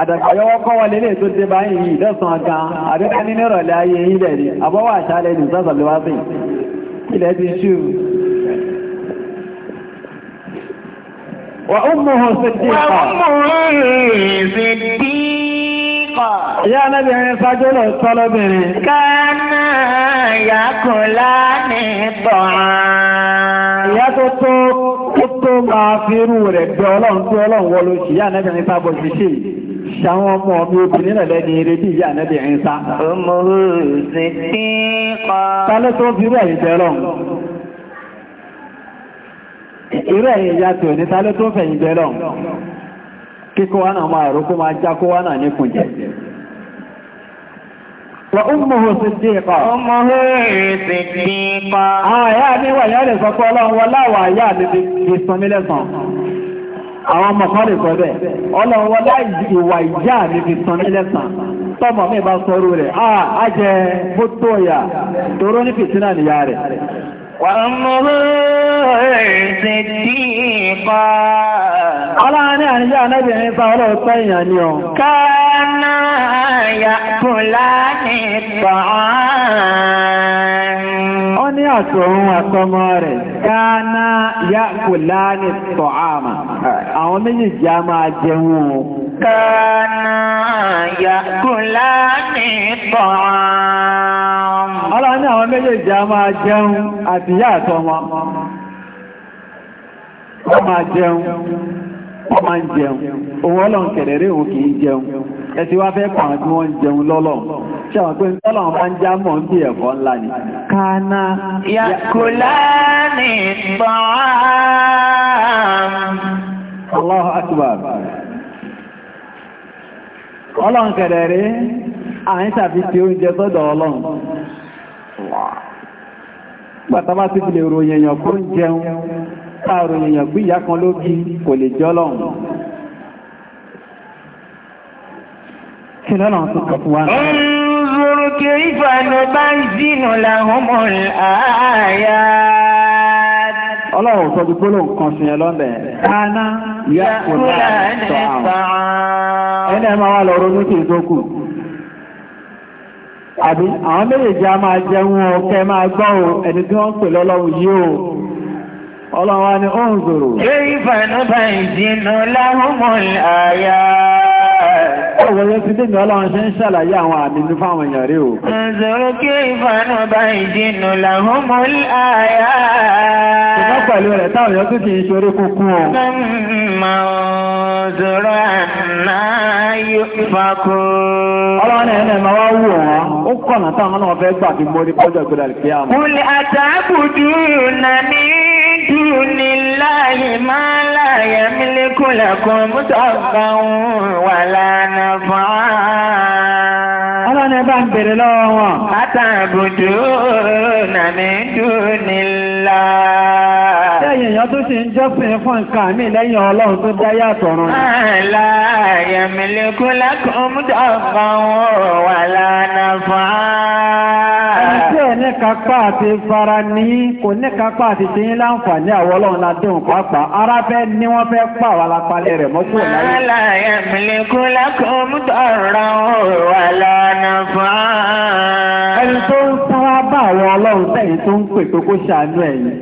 àdàgbàyọwọ́ kọ́ wọlé lè tó dé báyìí yìí lọ́sàn gan àdúgbà ní nírọ̀lẹ́ ayé ilẹ̀ ni àbọ́wà àṣálẹ́ ní sọ́sọ̀lẹ́wàsìn ilẹ̀ ti ṣú وأمه صديقة وأمه صديقة يا نبي سجل الطلب كان يأكلان الطعام يا tó máa fi irú rẹ̀ bí ọlọ́run tí ọlọ́run wọ ló ṣì yá nẹ́bìnrin sábọ̀ ṣiṣẹ́ yìí ṣàwọn ọmọ mi obìnrin náà lẹ́ni eré bí ìyá ànẹ́bì ẹ̀ńsá. ọmọ òsì tí kọ́. tálẹ́ tó fi rẹ̀ ìbẹ̀rọ̀ irú ẹ̀yìn ìyá tí ò ní tálẹ́ tó Wa ummuhu siddiqa. Ummuhu siddiqa. Àwọn ìyá mi wà yẹ́ lè sọ pé ọlọ́run wọlá wà yá mi fi sọ mí lẹ́sàn. àwọn ọmọ kan lè sọ bẹ́ẹ̀ ọlọ́run láì ìwà ìjà mi tán nílẹ̀sàn tọ́mọ̀ mi bá sọ̀rọ̀ rẹ̀ á ah, jẹ bó tó yà tóró ní fìtínà nìyà rẹ̀. ya àníjá anábìnrin ni ọ. àtọ̀run àtọmọ rẹ̀ káàná yá kò láàánì tọ̀ àmà àwọn méjèèjì a máa jẹun o. káàná yá kò láàánì tọ̀ àmà. ọlọ́run ní àwọn méjèèjì a máa jẹun àti yá àtọmọ. wọ́n máa jẹun. Ọmọ ń jẹun òun ọlọ́run kẹ̀rẹ̀rẹ́ òun kì jẹun ẹ wá fẹ́ kàn án tí wọ́n ń jẹun lọ́lọ́ ṣàwọn pé tọ́lọ̀ máa ń já mọ̀ ń bí ẹ̀kọ́ ńlá ni. kànáà yàkùlá bọ́ọ̀m. ọlọ́run oúnjẹ sọ́dọ̀ ọlọ́run káàrò èèyàn bí ìyá kan ló bí kò lè jẹ́ ọlọ́run kí lọ́nà tó kọ̀ fún wa انظر كيف نبين لهم الآيات Ọlọ́run sọ bí gbólóhùn kan ṣe yẹn lọ́bẹ̀. Kánà yá kò láàrín sọ àwọn. Ẹni ẹ máa wá lọ ronú kí n tó kù. Àbí àwọn méjèèjì a máa jẹun ọkẹ máa gbọ́ ẹni tí wọ́n ń pè lọ́lọ́run yìí o ọlọ́wà ni ó ń zòrò. Kéyífà nípa ìdínú láhùnmùn àyà. Ọwọ́ yóò ti dínú ọlọ́run ṣe ń ṣàlàyé àwọn àmì ní fáwọn èèyàn rí o. Zòrò kéyífà nípa ìdínú láhùnmùn àyà. Ṣùgbọ́n pẹ̀lú rẹ̀ táwọn yóò tún ti ń ṣorí kúkú o. Mọ̀ zòrò àná yóò دون الله ما لا يملك لكم ضرا ولا نفعا ẹ bá ń bèrè lọ́wọ́ wọn. Àtàbùdó nàmí dúnilá. Lẹ́yìn èèyàn tó ṣe ń jọ́sìn fún nǹkan mi lẹ́yìn ọlọ́run tó dá yàtọ̀ rán. Àlá yẹ̀mílẹ́kú lákòómúdọ̀gbà wọn wà lánàá fún kápá àti fara ní kò ní kápá àti ṣe ń láǹfààní àwọn ọlọ́run ládéhùn pàápàá ara fẹ́ ní wọ́n fẹ́ pa àwọn alápalẹ̀ rẹ̀ mọ́tò láyé. aláyẹ̀mílẹ́kùn lákòómútọ̀ọ̀rọ̀ wà lánàá ṣàfáà. ẹni tó ń sára bá àwọn ọlọ́run tẹ̀yìn tó ń pè pé kó ṣàánú ẹ̀yìn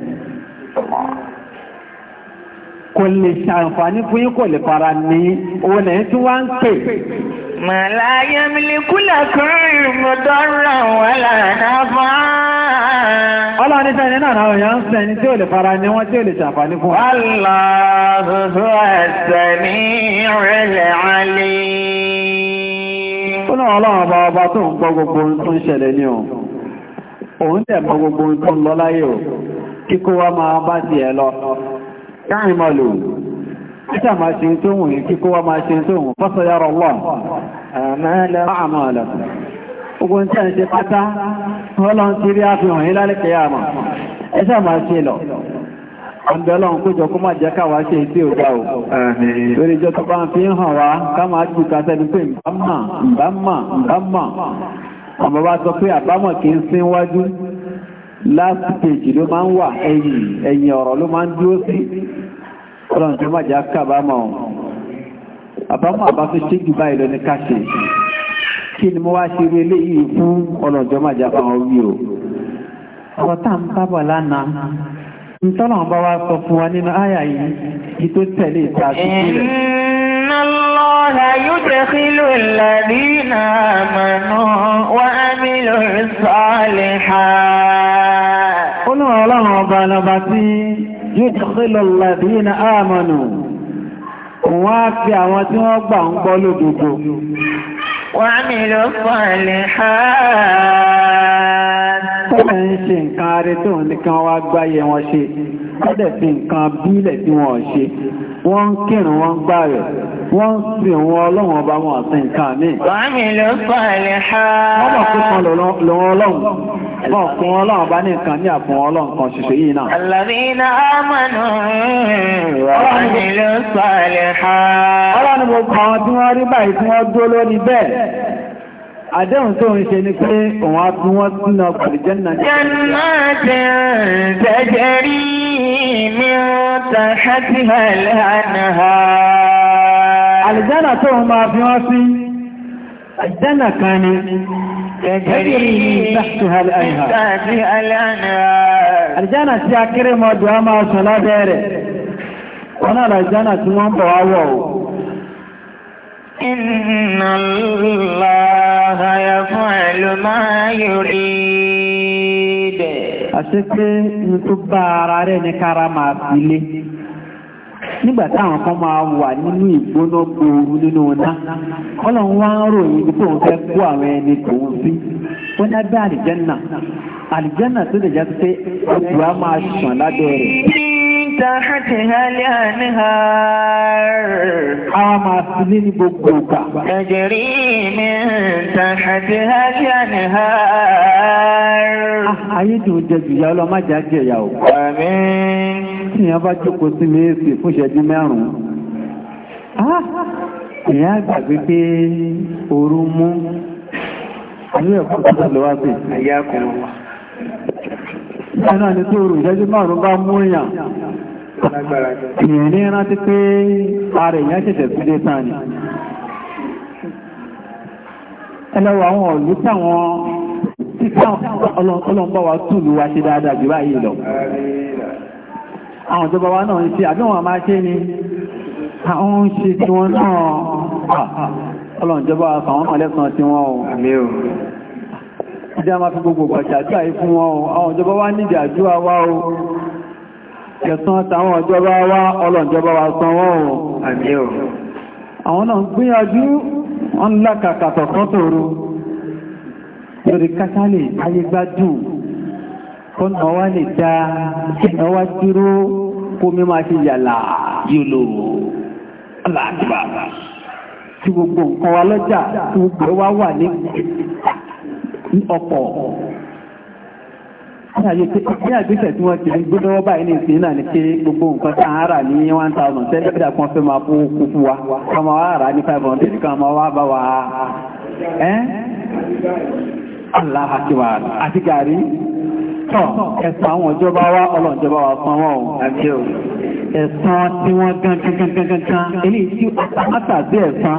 kò lè ṣàǹfààní fún yín kò lè fara ní owó lẹ́yìn tí wọ́n ń pè. màlá yẹmìlíkúlà kan ìrùmọ̀dọ́rà wà lànà fà á. ọlọ́run ní náà fún wọn. Ọlọ́run ọlọ́run ọba ọba tó ń gbọ́ gbogbo ohun tó ń ṣẹlẹ̀ ní òun. Òun tẹ̀ mọ̀ gbogbo ohun tó ń lọ láyé o. Kíkó wá máa bá ti ẹ̀ lọ. Káàrin mọ̀ lò. Títà máa ṣe tó wùn yìí, kíkó wá máa ṣe tó wùn. Fọ́sọ̀ yára ọlọ́. Àǹdẹ́ ọlọ́run kó jọ kó máa jẹ́ káwàá ṣe ìdí òdá o. Lórí ìjọ tó bá ń fi ń hàn wá, ká máa jù ká sẹ́ni pé ìbámà, ìbámà, ìbámà. Àmọ́ bá sọ pé àbámọ̀ kì í sín wájú. Last page ló máa ń wà ẹ̀yìn, ẹ̀yìn ọ̀rọ̀ ló máa ń dúró sí. Ọlọ́run tó máa jẹ́ kábàámọ̀. Àbámọ̀ àbá fi ṣé jù báyìí lọ ní ká Kí ni mo wá ṣe rí eléyìí fún ọlọ́run tó máa jẹ́ o? Ọ̀rọ̀ tá à Ntọ́nà bá wá sọ fún wa nínú àyà yìí, yìí tó tẹ̀lé ìta àtúntò rẹ̀. Inna Allaha amanu wa á fi àwọn tí wọ́n gbà ń gbọ́ lódodo. Wa amilu salihah tẹ́lẹ̀ ń ṣe nǹkan ààrẹ tó nìkan wá gbáyé wọn ṣe kọ́dẹ̀ fi nǹkan bílẹ̀ tí wọ́n ṣe wọ́n ń kírun wọ́n gbá rẹ̀ wọ́n ń sin wọn ọlọ́run ọba wọn àti nǹkan míì. wàmí ló fọlẹ̀ ha. wọ́n mọ̀ pé kan lòun ọlọ́run wọn fún ọlọ́run ọba ní nǹkan ní àfún ọlọ́run kan ṣoṣo yìí náà. àlàbínà àmọ́nù wàmí ló fọlẹ̀ ha. ọlọ́run gbogbo àwọn tí wọ́n rí báyìí tí wọ́n dúró lórí bẹ́ẹ̀. Àdéhùn tó ń ṣe ni pé òun á fi wọ́n sínú ọgbàlì jẹ́nà ní. Jẹ́nà ti ń tẹ́jẹ́ rí mi ta ṣáti hàlẹ́ àná ha. Àlìjẹ́nà tó ń máa fi wọ́n sí, àjẹ́nà kan ni. Tẹ́jẹ́ tí a kéré mọ́ dùn á máa sùn lábẹ́ rẹ̀. Wọ́n náà àlìjẹ́nà tí wọ́n bọ̀ wá إن الله يفعل ما يريد àṣé pé tó bá ara rẹ̀ ní kára máa filé nígbà táwọn kan máa wà nínú ìgbóná gbòòrú nínú ọ̀nà ọlọ́run wá ń ròyìn bí tóun fẹ́ kó àwọn ẹni tòun sí ó ní abẹ́ àlìjẹ́nà àlìjẹ́nà tó lè jẹ́ pé ọdù máa ṣàn lábẹ́ rẹ̀. تحتها الأنهار تجري من تحتها الأنهار Ayédùn jẹjù ìyá ọlọ́mọ jẹ́ jẹ́ ìyá ò. Àmín. Tí ìyá bá jókòó sí méèsì fún ìṣẹ́jú mẹ́rùn-ún. Ah! Ìyá àgbàgbé pé oru mú. Àlú ẹ̀kọ́ tó lọ́wọ́ sí. Ayé àkùnrin wa. Ẹ̀nà ni tó rù ìṣẹ́jú márùn-ún bá mú èèyàn èèyàn ní rántí pé ààrẹ èèyàn ṣẹ̀ṣẹ̀ sílé tán ni ẹlẹ́wọ̀ àwọn ọ̀lú táwọn títà ọlọ́mbà wa túlù wa ṣe dáadáa jù báyìí lọ àwọn ìjọba wa náà ń ṣe àbí wọn máa ṣe ni àwọn ń ṣe tí wọ́n náà ọlọ́njọba àwọn mọ̀lẹ́kan tí wọ́n ò ìdí a máa fi gbogbo pàtàkì àìfún wọn ò àwọn ìjọba wa nídìí àjúwà wá o ẹ̀sán àtàwọn ọjọ́bá wá ọlọ́njọba wa san wọ́n ohun àmì ò àwọn náà gbìyànjú wọ́n lákàkàtọ̀ kan tòrò lórí kátàlì ayégbádùn kọ́nà wá lè dá ẹ̀nà wá dúró kó mímọ̀ àti yàlá yòlò aláàdìbà ọ̀pọ̀ àyè pé ní àgbésẹ̀ tí wọ́n ti rí gbódọ́wọ́ báyìí ní ìsìn náà ni pé gbogbo nǹkan tá à rà ní one thousand tẹ́lẹ̀ bí dàpọ̀ fẹ́ máa fún okùn fún wa ká máa wá rà ní five hundred ká máa wá bá wa. Allah akibar àti gàrí tọ́ ẹ̀sùn àwọn ìjọba wá ọlọ́njọba wà fún wọn ohun ẹ̀sùn tí wọ́n gán kankankankan ilé tí àtàbí ẹ̀sùn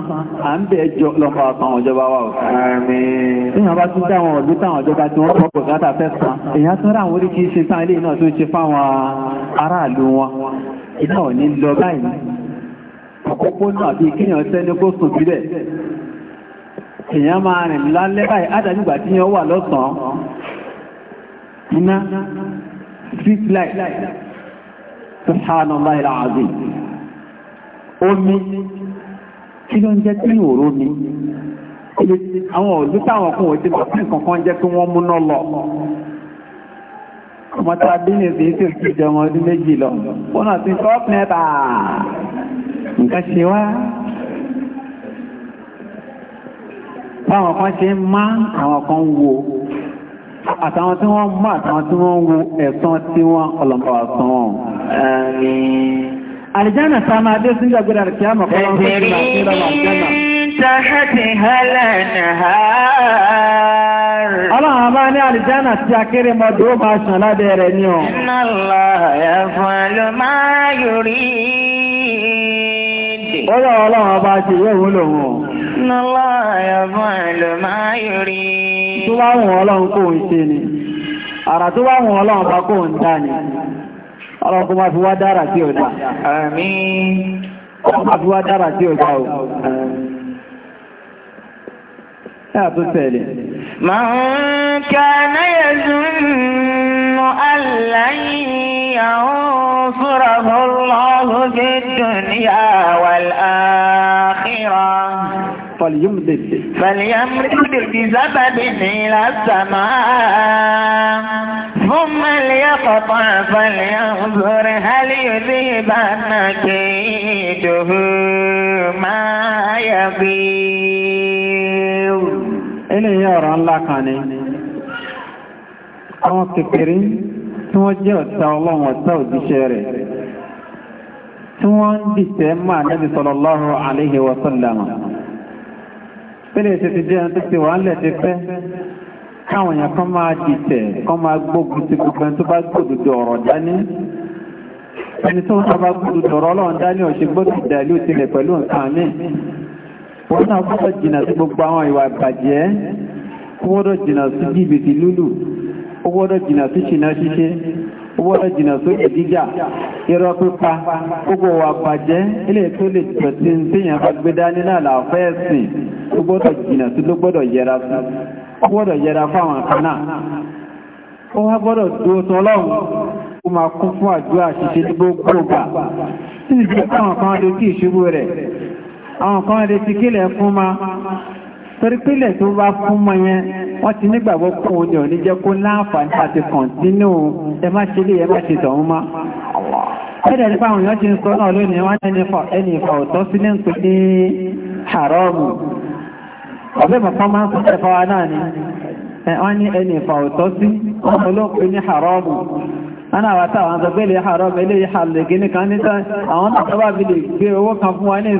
à ń bẹ̀ẹ́ jọ lọ́pàá fún àwọn ìjọba wà ó èèyàn bá tún dáwọn ọ̀dún táwọn ìjọba tí wọ́n pọ̀pọ̀ káta fẹ́ san èèyàn tún ráwọn orí kìí ṣe tán ilé náà tó ń ṣe fáwọn aráàlú wọn iná ò ní lọ báyìí òpópónà bíi kíyàn sẹ́ni kó sùn síbẹ̀ èèyàn máa rìn lálẹ́ báyìí ádàjúgbà tí yẹn wà lọ́sàn-án iná street light subhanallah alazim omi kí ló ń jẹ́ tí òró mi àwọn òjú táwọn ọkùn òjú bá sí nǹkan jẹ́ kí wọ́n múná lọ ọmọ a bí ní èsì tí ó ti jẹ ọmọ ọdún méjì lọ wọ́n náà ti sọ́ọ̀pù táwọn kan ṣe má àwọn kan wo àtàwọn tí wọ́n má àtàwọn tí wọ́n wo ẹ̀san tí wọ́n ọlọ́mọ̀wà sán àlìjánà sáà dé síjọ́ gbẹ́dà kí á mọ̀ kọ́lọ́ Ọlọ́run a Nọ́lá ẹ̀bùn ìlú máa ọlọ́run ni, bá kò ń dá ni, ọlọ́run máa fi wá dára sí ọjà. Àmín. Ọlọ́run máa fi wá dára sí ọjà o. Ẹ tó tẹ̀lé. فليمدد فليمدد بسبب إلى السماء ثم ليقطع فلينظر هل يذيبن كيده ما يغيظ إلى يرى الله كان àwọn kékeré tí wọ́n jẹ́ ọ̀tá ọlọ́run ọ̀tá òjíṣẹ́ rẹ̀ tí wọ́n ń dìtẹ̀ máa Nabi sallallahu alaihi Bílẹ̀ ṣe ti jẹ́ ẹni tó ti wà ń lẹ̀ ti fẹ́. Káwọn èèyàn kan máa dìtẹ̀, kan máa gbógun ti gbogbo ẹni tó bá gbòdòdó ọ̀rọ̀ dání. Ẹni tó ń sábà gbòdòdó ọ̀rọ̀ ọlọ́run dání ọ̀ṣẹ́ gbọ́dọ̀ dàlú tilẹ̀ pẹ̀lú nǹkan mi. Wọ́n náà gbọ́dọ̀ jìnà sí gbogbo àwọn ìwà ìbàjẹ́. Ó gbọ́dọ̀ jìnà sí jìbìtì lúlù. Ó gbọ́dọ̀ jìnà sí ṣìnà ṣíṣe wọ́rọ̀ jìnà sókè jíjà irọ́ pípa gbogbo wà bàjẹ́ ilé tó lè tọ̀tí ń tíyàn bá gbé dání náà làáfẹ́ ẹ̀sìn tó gbọ́dọ̀ jìnà sí ló gbọ́dọ̀ yẹra fún gbọ́dọ̀ yẹra fáwọn kan náà ó wá gbọ́dọ̀ dúró tọ́lọ́run ó máa kún fún àdúrà ṣiṣẹ́ ní gbogbo gbà tí ìgbẹ́ àwọn kan lè kí ìṣubú rẹ̀ àwọn kan lè ti kílẹ̀ fún ma torí pílẹ̀ tó bá fún mọ yẹn wọ́n ti nígbàgbọ́ kún òní òní jẹ́ kó láǹfààní àti kọ̀ǹtínú ẹ má ṣe lè ẹ má ṣe tọ̀hún mọ́ nípa àwọn èèyàn ti ń sọ náà lónìí wọ́n ẹni ìfà ọ̀tọ́ sí ní ní haramu ni wọ́n ní ẹni ìfà ọ̀tọ́ sí ọmọ ní haramu wọ́n náà àwọn haramu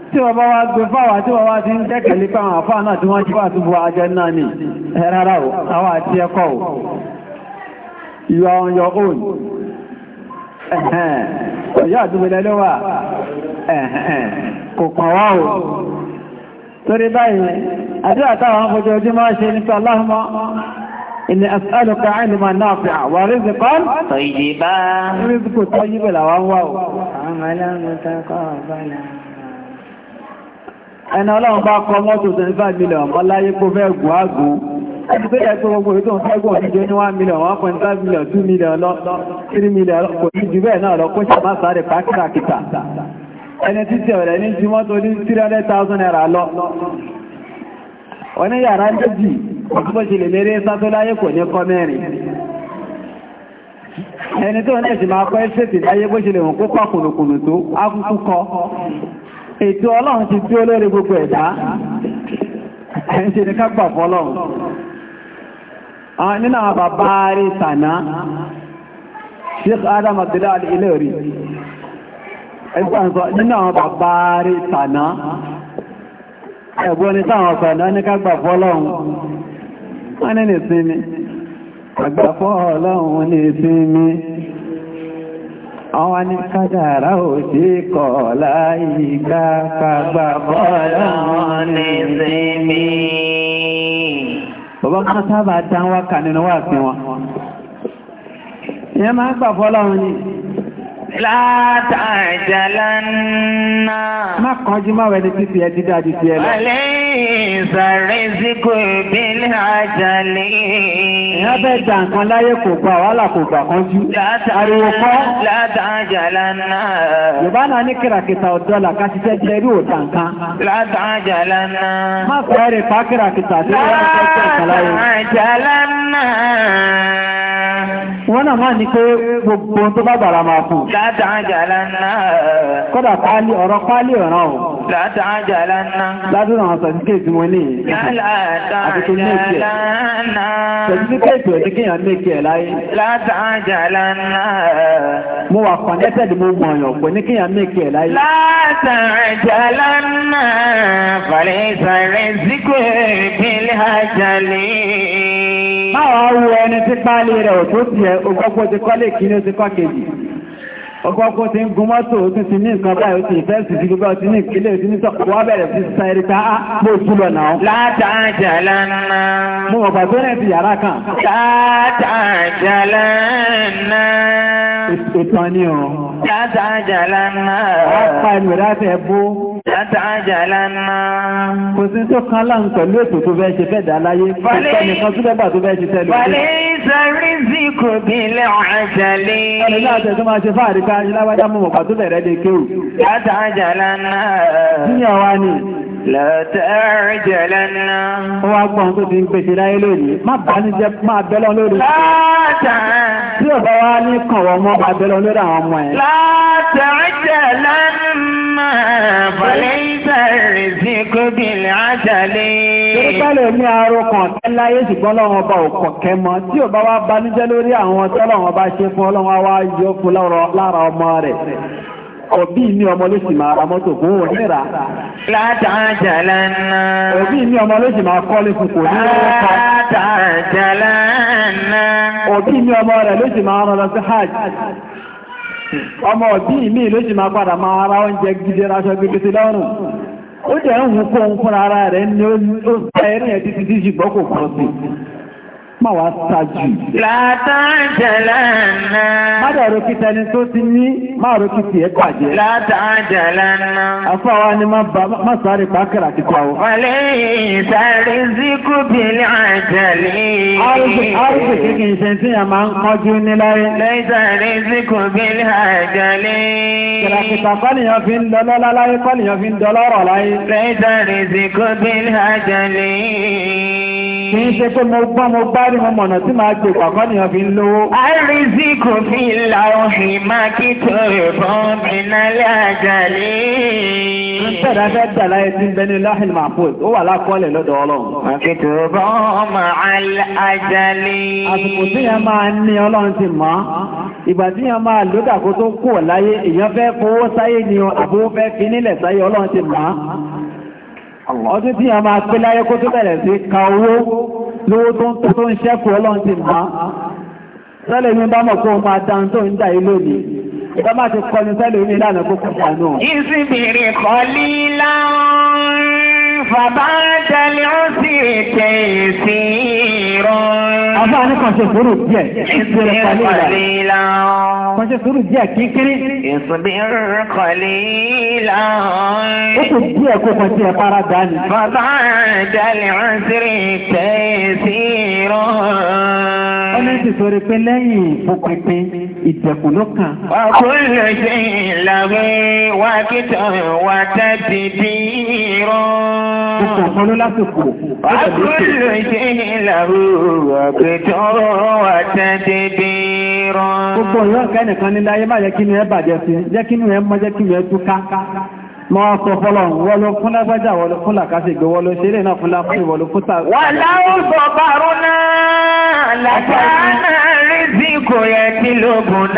tí wọ́n bá wá gbé fáwà tí wọ́n wá ti ń tẹ́kẹ̀lé fáwọn àfáà náà tí wọ́n jíwà túbú ajẹ́ náà ni ẹ̀rára ò àwọn àti ẹkọ́ ò you are on ò torí báyìí àti àtàwọn ọmọdé ojúmọ́ ṣe nípa aláhùmọ́ إني أسألك علما نافعا ورزقا طيبا رزق طيب ẹni ọlọ́run bá kọ mọ́tò 25 million bọ́ láyé kó fẹ́ gùn ágùn ẹni tó tó gbogbo 1 million 1.5 million 2 million 3 million kò ní jù bẹ́ẹ̀ náà lọ kó ṣàmá ẹni títí ọ̀rẹ́ ní jí mọ́tò ní 300,000 naira lọ wọ́n yàrá ní bó ṣe lè ètò ọlọ́run ti tí ó gbogbo ẹ̀dá ẹ̀ṣẹ̀ ní kápá fọ́lọ́run nínú àwọn bàbá rí sànà Sheikh Adam Abdullahi Al-Ileri nínú àwọn bàbá rí sànà ẹ̀gbọ́n ní sáwọn sànà ní kápá fọ́lọ́run wọ́n ní ní àwọn ni kádàrá ò sí kọ̀ láyíká kagbà bọ́ọ̀lá wọn ní sinmi. Bàbá kan sábà dán wákà nínú wà wọn. Ìyẹn máa ń gbà fọ́lọ́run ni látàjàlánà. Má kánjú máa wẹni títí ẹ ti dáadé ti ẹ lọ. Wàlẹ́ ìsàrẹ́ síkò ìbílẹ̀ àjàlẹ̀. Ìyá bẹ́ẹ̀ gbà nǹkan láyé kò gbà wàhálà kò gbà kánjú. Ariwo kọ́. Látàjàlánà. Yorùbá náà ní kìràkìtà ọ̀dọ́là ká ṣiṣẹ́ jẹ́ rí òdà nǹkan. Látàjàlánà. Má kọ́ ẹ̀rẹ̀ pa kìràkìtà tí wọ́n ń tẹ́tẹ́ ìkàláyé. Látàjàlánà. Wọ́n náà máa ní pé gbogbo tó bá gbàrà máa fún. Látàájàlá náà. Kọ́dà pálí ọ̀rọ̀ pálí ọ̀ràn ò. Látàájàlá náà. Ládùrà àwọn sàtíkéètì wọn ní ìyí. Látàájàlá náà. Sàtíkéètì ọ̀dí kíyàn ní ìkẹ́ láyé. Látàájàlá náà. Mo wà kọ̀nẹ́tẹ̀dì mo mọ̀ ọ̀yàn pé Máa wo ẹni tí páálí rẹ̀ ò tó ti ẹ, ọgbọ́gbọ́ ti kọ́ lè ti kọ́ kejì. Ọgbọ́gbọ́ ti ń gun mọ́tò ó ti ní nǹkan báyìí ti ìfẹ́ sí gbogbo ti ní ìpínlẹ̀ òsì ní sọ̀kọ̀ wá bẹ̀rẹ̀ sí sa ta á bó túbọ̀ náà. Látàjà lánàá. Mo mọ̀ bàtó rẹ̀ Tàtàjàlá náà. Kò sí tó kan láhùn pẹ̀lú ètò tó fẹ́ ṣe fẹ́ dà láyé. Fọ́lẹ́ Fọ́lẹ́ ìsọ̀rí sí kò bí ilẹ̀ ọ̀hẹ́jẹ̀lẹ́. Ẹni láti ẹ̀tọ́ máa ṣe fáàrí ká ní lábájá mú mọ̀pá tó bẹ̀rẹ̀ lè kéwù. Tàtàjàlá náà. Níyàn wá ni. Lọ́tàjàlá náà. Ó wá gbọ́n tó ti ń pèsè láyé lónìí. Má bá ní jẹ́ máa bẹ́lọ́ lórí. Látà. Tí ò fọlẹ́sà rèsí kóbìnrin àjàlẹ̀. Tẹ́lẹ̀ ní arókan tẹ́lá yé ṣùgbọ́n lọ́wọ́ ọba òkọ̀ kẹmọ tí ò bá wá banújẹ́ lórí àwọn tọ́lọ́wọ́ ọba ṣe fún ọlọ́wọ́ wá yọ fún lára ọmọ rẹ̀ òbí ní ọmọ ló máa ra mọ́tò fún òun níra. látàjàlá náà. òbí ní ọmọ ló máa kọ́lé fún kò ní owó kan. látàjàlá náà. òbí ní ọmọ rẹ̀ ló máa rán lọ sí hajj ọmọ ọ̀bí mi ló sì máa padà máa ara oúnjẹ gidi raṣọ gidi sí lọ́rùn ó jẹ́ ń hun kóhun fúnra rẹ̀ ní ó bá ẹ̀rìn ẹ̀ títí sí ṣùgbọ́n kò kọ́ sí má wá sáájú. Látàjàlá náà. Má dàrú kíta ẹni tó ti ní, má rò kí tiẹ̀ bàjẹ́. Látàjàlá náà. Àfọ̀ wa ni má sáré pàákàrà ti kọ́ àwọn. Wọlé ìsáré síkú bìlẹ̀ àjàlẹ̀. Arúgbó kí kì í ṣe tí a máa ń kọjú níláyé. Lẹ́sàré síkú bìlẹ̀ àjàlẹ̀. Kìràkìtà kọ́nìyàn fi ń dọlọ́lá láyé, kọ́nìyàn fi ń dọlọ́rọ̀ láyé. Lẹ́sàré síkú bìlẹ̀ àjàlẹ̀ kì í ṣe pé mo gbọ́n mo bá rí mo mọ̀nà tí màá ṣe pàkọ́ nìyàn fi ń lówó. àrísí kò fi ìlà òhìn máa kí tó ìbọn ìnálẹ́ àjàlẹ́. ń tẹ̀dá fẹ́ dà láyé tí ń bẹ ní láhìl mahfuz ó wà lákọọ́lẹ̀ lọ́dọ̀ ọlọ́run. àkètò bọ́ ọmọ àjàlẹ́ ọdún tí a máa pé láyé kó tó bẹ̀rẹ̀ sí ka owó lówó tó ń ṣẹ́kù ọlọ́run ti sẹ́lẹ̀ ní bá mọ̀ kó máa dáa tó ń dà ilé ni ìbá máa ti kọ́ ní sẹ́lẹ̀ ní ìlànà kó kọjá náà. Àbáni kan ṣe sùúrù díẹ̀, ìṣòro kọ̀lílà. Kan ṣe sùúrù díẹ̀ kíkiri. Ìṣòro kọ̀lílà. Ó kò díẹ̀ kó kan ṣe ẹ̀fára dání. Bàbá àjálẹ̀ ń sírí tẹ́ sí rọ̀. Ó ní ìṣòro pé lẹ́yìn ìfọpinpin ìjẹ̀kùn ló kàn. Ọkùnrin ṣe ìlàwé wá kíta wá tẹ́tì bí rọ̀. Ó kàn fọ́nú lásìkò. Ọkùnrin ṣe ìlàwé. Òpètọ́rọ̀ àtẹ́ dédé rán. Gbogbo ìyọ́nkẹ́ nìkan nílá ayé máa jẹ́ kí ni ẹ bàjẹ́ sí, jẹ́ kí ni ẹ mọ́ jẹ́ kí ni ẹ túká mọ́ wá sọ fọ́lọ̀ wọ́n ló fún lágbájá wọ́n ló fún làkásì gbé wọ́n ló ṣeré náà fún lápẹ́ wọ́n fún tàbí. wà láwọ́ sọ náà làkánà rízì ni. Wọ́n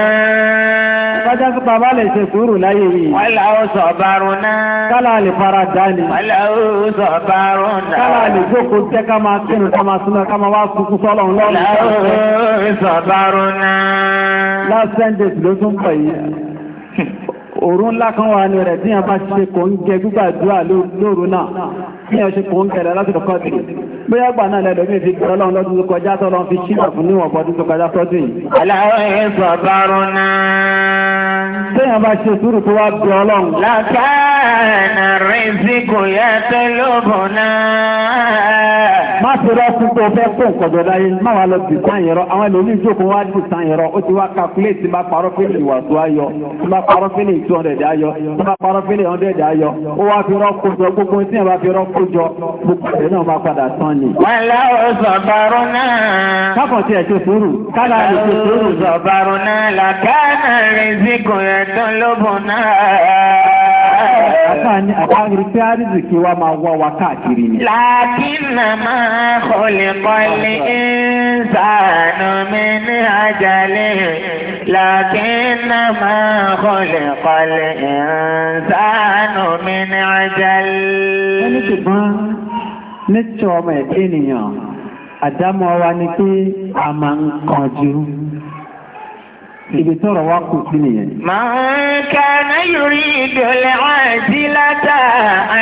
láwọ́ sọ bàrú náà. Kálá lè jókòó jẹ́ ká máa kírun ká máa súnmọ́ ká máa Last ten days ló tún pẹ̀ yìí òru ńlá kan wà ní rẹ̀ tí a bá ṣe kò ń gẹ gbígbàdúrà lóru náà tí a ṣe kò ń gẹ̀rẹ̀ láti kọ́kọ́ tìrì bóyá gbà náà lẹ́lọ ní ìfipẹ́ ọlọ́run lọ́dún tó kọjá tọ́lọ fi ṣílọ̀ fún níwọ̀n bọ́dún tó kọjá tọ́dún yìí. aláwọ̀ ẹ̀ sọ̀bárún náà. téèyàn má ti rọ fún tó fẹ́ kó nǹkan jọdá yìí má lọ bì tán àwọn ẹlòmíín jókòó wá bì tán ó ti wá calculate tí bá parọ́ fílẹ̀ ìwà tó ayọ̀ tí bá parọ́ fílẹ̀ two hundred ayọ̀ tí bá parọ́ fílẹ̀ hundred ayọ̀ ó wá fi rọ kó gbogbo tí yẹn bá fi rọ kó gbogbo ẹ̀ náà bá padà tán ni. wọn àtàní àtàrí pé àrízìkí wa máa wá wa káàkiri ni. Lákínà máa kọlẹ̀kọlẹ̀ ìsànà mi ní àjálẹ̀. Lákínà máa kọlẹ̀kọlẹ̀ ìsànà mi ní tí ọmọ ẹ̀kẹ́ ènìyàn, àdámọ́ wa ni pé a máa ń kánjú ibi tó rọ̀ wá kù sí nìyẹn. màá ká náà yóò rí àti látà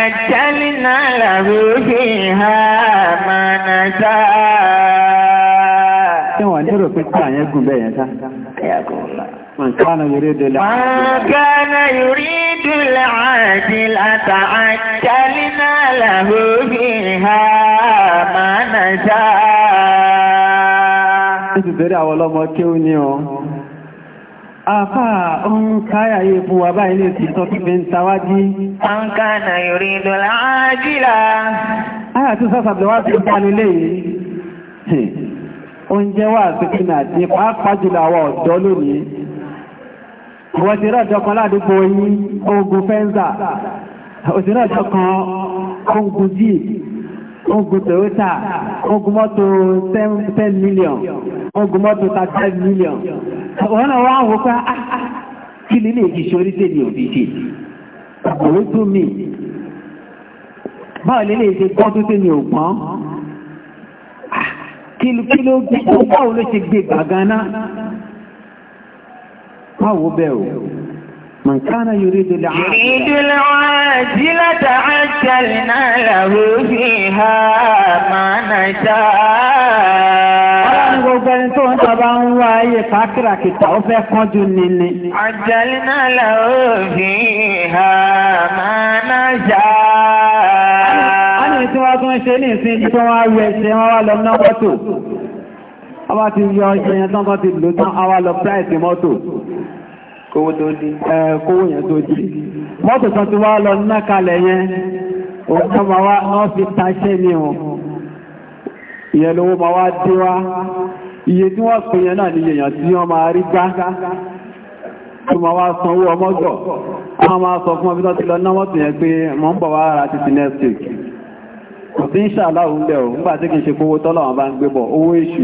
àjálì náà làwọn òbí ha máa nà dá. ṣé wọ́n lérò pé kí àyẹ̀ gùn bẹ́ẹ̀ yẹn sá? من كان يريد العاجلة من كان يريد العاجلة عجلنا له فيها ما نشاء. Ìtìtẹ̀rẹ̀ àwọn ọlọ́mọ kí ó ní ọ. Àfá ohun káyà yìí fún wa báyìí ní ti tọ́ fífẹ́ ń tawájí. A ń ká nà ìrì ìdọ̀lá ájílá. Àyà tí sọ́sàbẹ̀ wá sí ìpánu lè yìí. Oúnjẹ wà sí kí nà ti pàápàá jùlọ àwọn ọ̀dọ́ lónìí. Ìwọ́n ti rọ̀ ogun toyota ogun mọ́tò ten million ogun mọ́tò thirty five million wọn náà wá wò pé ah, ah, kí ni lè di sori tèmi òbí ṣe àbúrò tún mi báwo lè lè ṣe gbọ́ tó tèmi ò gbọ́n ah, kí ló gbé báwo ló ṣe gbé gbàgánná báwo bẹ́ẹ̀ o. من كان يريد العاجلة يريد العاجلة عجلنا له فيها ما نشاء Ọlọ́run gbogbo ẹni tó ń tọba ń wá ayé kákìràkìtà ó fẹ́ kánjú níní. Àjálínà làó fi ha máa náà jà. A ní tí wọ́n tún ṣe ní ìsinmi tí wọ́n rẹ̀ ṣe wọ́n wá lọ náà mọ́tò. Ọba ti yọ ìṣẹ̀yẹn tán kan ti lò tán, àwa lọ price mọ́tò kówó tó dé kówó yẹn tó dé mọ́tò kan tí wá lọ ná kalẹ̀ yẹn òun náà máa wá náà fi taṣẹ́ ni o ìyẹn lówó máa wá dé wá iye tí wọ́n pè yẹn náà ni èèyàn tí wọ́n máa rí gbá tó máa wá san owó ọmọ gọ̀ wọ́n máa sọ fún ọbí tó ti lọ ná mọ́tò yẹn pé mọ́ ń bọ̀ wá ara ti next week kò sí ń ṣàláwùn bẹ̀ ò ń gbà tí kì í ṣe kówó tọ́lọ̀ wọn bá ń gbé bọ̀ owó èṣù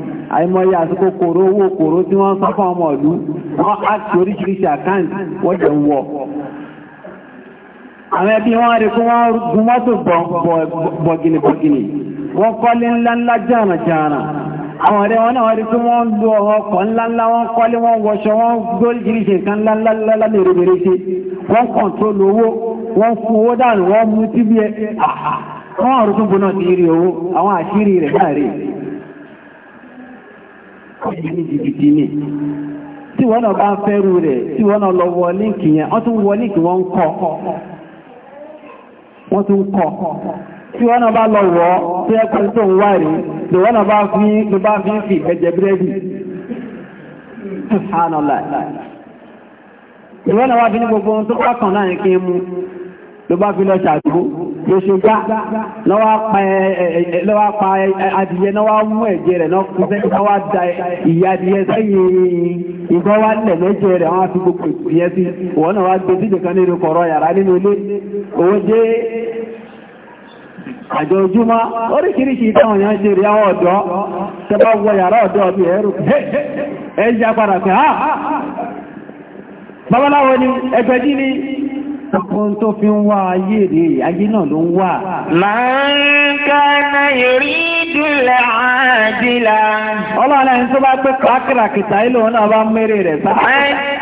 àìmọye àti kòkòrò owó kòrò tí wọ́n sọ fún ọmọ ìlú wọ́n á ti oríṣiríṣi àkáǹtì wọ́n jẹ̀ ń wọ̀ àwọn ẹbí wọ́n rí kí wọ́n gun mọ́tò bọ̀gìnì bọ̀gìnì wọ́n kọ́lé ńláńlá jàrà jàrà àwọn ọ̀rẹ́ wọn náà rí kí wọ́n lo ọkọ̀ ńláńlá wọ́n kọ́lé wọ́n wọṣọ wọ́n gbóríṣiríṣi nǹkan ńláńlá lérèrè ṣe wọ́n kọ̀ntrólù owó wọ́n fún owó dànù wọ́n mú síbi ẹ̀ àwọn ọ̀rọ̀ tó ń bọ̀ náà ti rí owó àwọn àṣírí rẹ̀ láàrin ní jìbìtì ní tí wọ́n náà bá ń fẹ́rù rẹ̀ tí wọ́n náà lọ wọ líǹkì yẹn wọ́n tún wọ líǹkì wọ́n ń kọ́ wọ́n tún kọ́ tí wọ́n náà bá lọ wọ́ tí ẹ kọ́ tó ń wá rí tí wọ́n náà bá fi ń fi ń bírẹ́dì tó pàkàn láàrin ló bá fi lọ ṣàdúgbò lóṣù gbá lọ́wọ́ pa adìyẹ náwà mú ẹ̀jẹ̀ rẹ̀ náà kú sẹ́yìn náwà da ìyá adìyẹ sẹ́yìn ìgbọ́ wá lẹ̀ lẹ́jẹ̀ rẹ̀ wọ́n á fi gbogbo ìyẹn sí wọ́n náà wá gbé síjì kan nínú kọ̀rọ̀ yàrá nínú ilé owó jẹ́ àjọ ojúmọ́ oríṣiríṣi ìtàwọn yàn ah, ni ẹgbẹ̀jì ni Ọkùn tó fi ń wá ayé rẹ̀, ayé náà ló ń wà. Máa ń kánà yorí dúlẹ̀ àádìlá. Ọlọ́run ẹni tó bá pé kàákìràkìtà ilé òun náà bá mẹ́rẹ̀ rẹ̀ sá.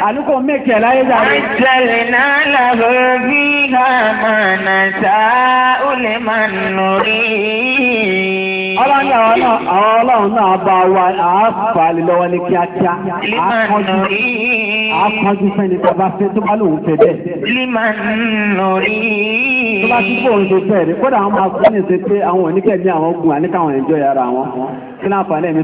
Àlúkò mẹ́kẹ̀ láyé dàrí. Àjẹlẹ̀ náà làbọ̀ bí àmàna sáà ó lè máa nù rí. Ọlọ́ni àwọn ọlọ́run náà bá wa àáfà lè lọ́wọ́ ní kíákíá. Àákọ́jú fẹ́ni bàbá fẹ́ tó bá lòun fẹ́ bẹ́ẹ̀. Tó bá tí kò ń ṣe fẹ́ rí, kódà àwọn máa fún ní ṣe pé àwọn oníkẹ̀ẹ́bí àwọn ogun àníkàwọn ẹ̀jọ́ yàrá wọn. Kí láǹfààní ẹ̀mí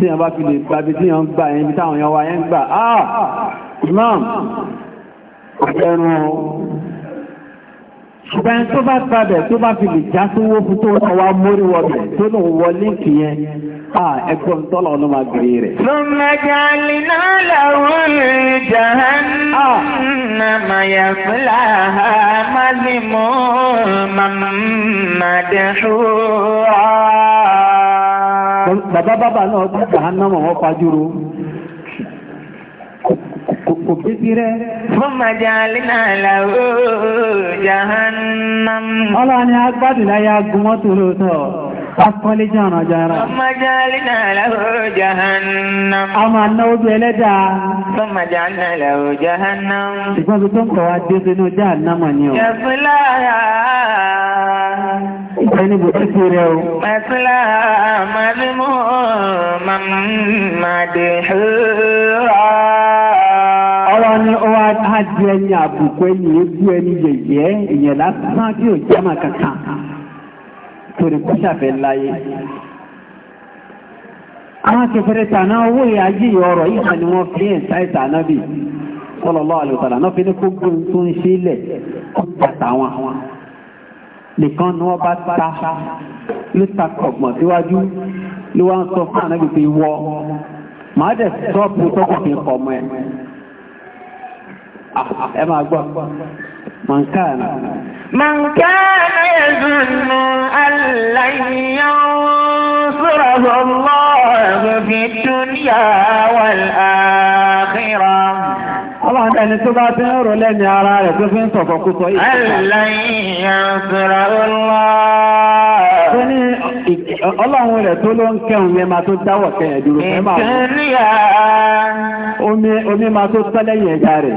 tí yàn bá fi lè gbàbí tí yàn gbà yẹn bí táwọn yàn wá yẹn gbà áà ah! imam ẹ̀rùn ṣùgbọ́n tó bá gbàbẹ̀ tó bá fi lè já sówó fún tó náà mórí wọbẹ̀ tó náà wọ líǹkì yẹn áà ah, ẹgbọ́n tọ́lọ̀ ọ̀nà sábàbà náà gbé jahannama wọn fajúro kò bí sí rẹ̀. fún majalina làwọ̀ jahannam. ọlọ́ni agbádùn láyé agunmọ́tò lóòótọ́. Akọ́lé jàrà jàrà. Ọmọ jàrìnà lọ́wọ́ jahannam. A máa náwó bí ẹlẹ́dà. Ọmọ jàrìnà lọ́wọ́ jahannam. Ìgbọ́n bí tó ń kọ̀ wá dé sínú jahannam ni o. Yẹ̀fúlá Ìgbẹ́ ni bùkú ti rẹ̀ o. Mẹ́fúlá Màdìmú Màdìhúrà. Ọwọ́ ni ó wá á jẹ ẹni àbùkù ẹni èébú ẹni yẹ̀yẹ́ èèyàn lásán tí ò jẹ́ màkàkà torí kó ṣàfẹ́ láyé àwọn akẹfẹ́rẹ́ tàná owó ìyájí ọ̀rọ̀ ìgbà ni wọ́n fi ẹ̀ta ìta náà bí sọ́lọ́lọ́ àlùtàlà náà fi ní kó gbọ́n tó ń ṣe ilẹ̀ kó bàtà wọn nìkan ni wọ́n bá ta ló ta kọ̀gbọ̀n síwájú من كان من كان يظن أن لن ينصره الله في الدنيا والآخرة Ọlọ́run ẹni tó bá ti ń rò lẹ́ni ara rẹ̀ tó fi ń sọ̀kọ̀ kúkọ ìṣẹ́. Ọlọ́run rẹ̀ tó ló ń kẹun yẹn máa tó dáwọ̀ kẹ ẹ̀dùrù fẹ́ máa wọ́n. Omi máa tó tọ́lẹ́yìn ẹja rẹ̀.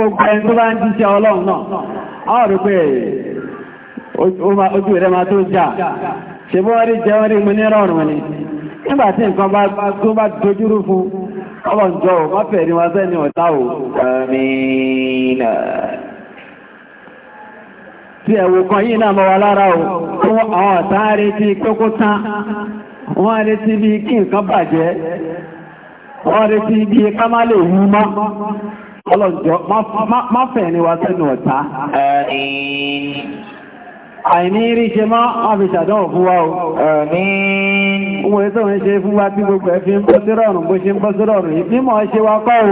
gbogbo ẹni tó bá ọlọ́run náà àwọn ṣe nǹkan bá tó bá dojúrú fún ọlọ́njọ́ ò má wọn sẹ́ni ọ̀tá ò kan yìí náà mọ́ wa lára fún àwọn ọ̀tá tán wọ́n bí kí nǹkan bàjẹ́ wọ́n bí ká má lè ọlọ́njọ́ má fẹ́ ni wa sẹ́nu ọ̀tá. Àìní rí ṣe máa àfi ṣàdánwò fún wa o. Òun ètò ń ṣe fún wa tí gbogbo ẹ̀ ń bọ́ sí bó ṣe ń bọ́ sí yìí. Mímọ̀ ṣe wa kọ́ o.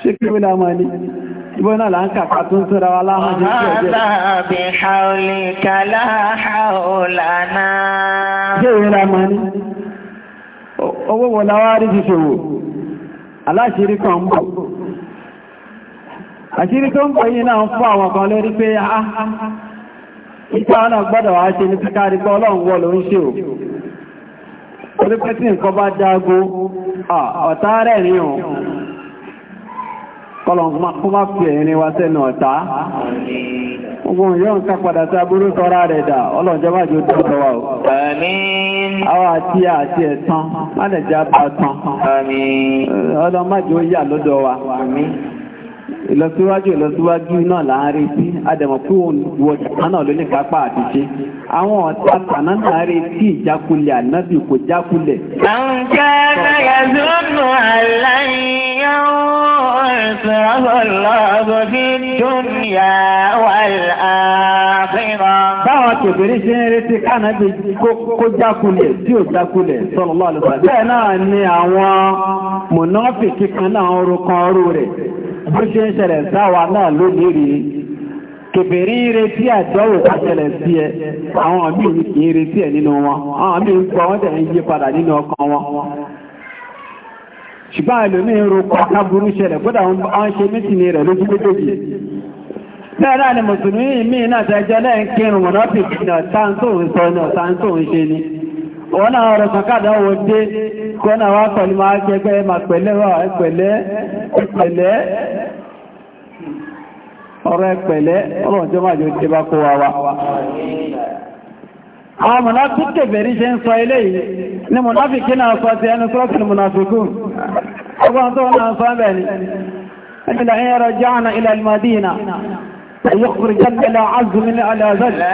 Ṣé kí wí lámọ́ ni? Ibọ́nà là ń kàkà tó ń tóra wa láhàn jẹ́ aláṣírí kan ń na tó ń bọ̀ yìí náà fún àwọn kan lórí pé a ìta ọ̀nà gbọ́dọ̀ wá ṣe ní kíkárí pé ọlọ́run wọ́ ló ń ṣe ò orí pé tí nǹkan bá dágó ọ̀tá rẹ̀ ọ̀ kọlọ̀ ogun yóò ń kápadà sí aburú sọ́ra rẹ̀ dà ọlọ́njẹ́wà jò dọ́dọ̀ wa o. àmín. àwọn àti àti ẹ̀tàn má lè jẹ́ abá tán. yà lọ́dọ̀ wa. àmín ìlọsíwájú ìlọsíwájú náà là ń retí àdẹ̀mọ̀kú wọ̀tán náà ló ní kápá àtúnṣe àwọn ọ̀tá tàná náà retí ìjákulẹ̀ ànábì kò jákulẹ̀. àwọn jẹ́ ẹgbẹ̀rún àlàyé yóò ṣe ọ̀pọ̀lọpọ̀ bí dùn dúníyà wàl'áfíìmọ̀. Báwọn kèfèrí ṣe ń retí kánàbí kó jákulẹ̀ tí ó jákulẹ̀ Bẹ́ẹ̀ náà ni àwọn mùnáfìkì kan náà ń rokan ọrú rẹ̀. Bó ṣe ń ṣẹlẹ̀ sáwa náà lónìí rí. Kèfèrí ń retí àjọwò sí ẹ. Àwọn míì kì í retí nínú wọn. Àwọn míì ń wọ́n tẹ̀ ń yí Bẹ́ẹ̀rẹ́ ni Mùsùlùmí mi náà tẹ́jẹ́ lẹ́yìn kírùn wọn náà fìdí náà táńtò ń sọ náà táńtò ń ṣe ni. Wọ́n náà ọ̀rọ̀ kàkàdá wo dé kọ́ náà wá pẹ̀lú máa jẹgbẹ́ ma pẹ̀lẹ́ wà ẹ̀pẹ̀lẹ́ Àwọn mùnáfi kèfèrí ṣe ń sọ ilé yìí ni mùnáfi kí náà sọ ti ẹnu sọ́ọ̀tì mùnáfikún. Ọgbọ́n tó náà sọ bẹ̀ ni. Ẹgbẹ̀lẹ̀ ẹ̀yẹrọ ilẹ̀ فيخرجن لا عزم على ذلك لئن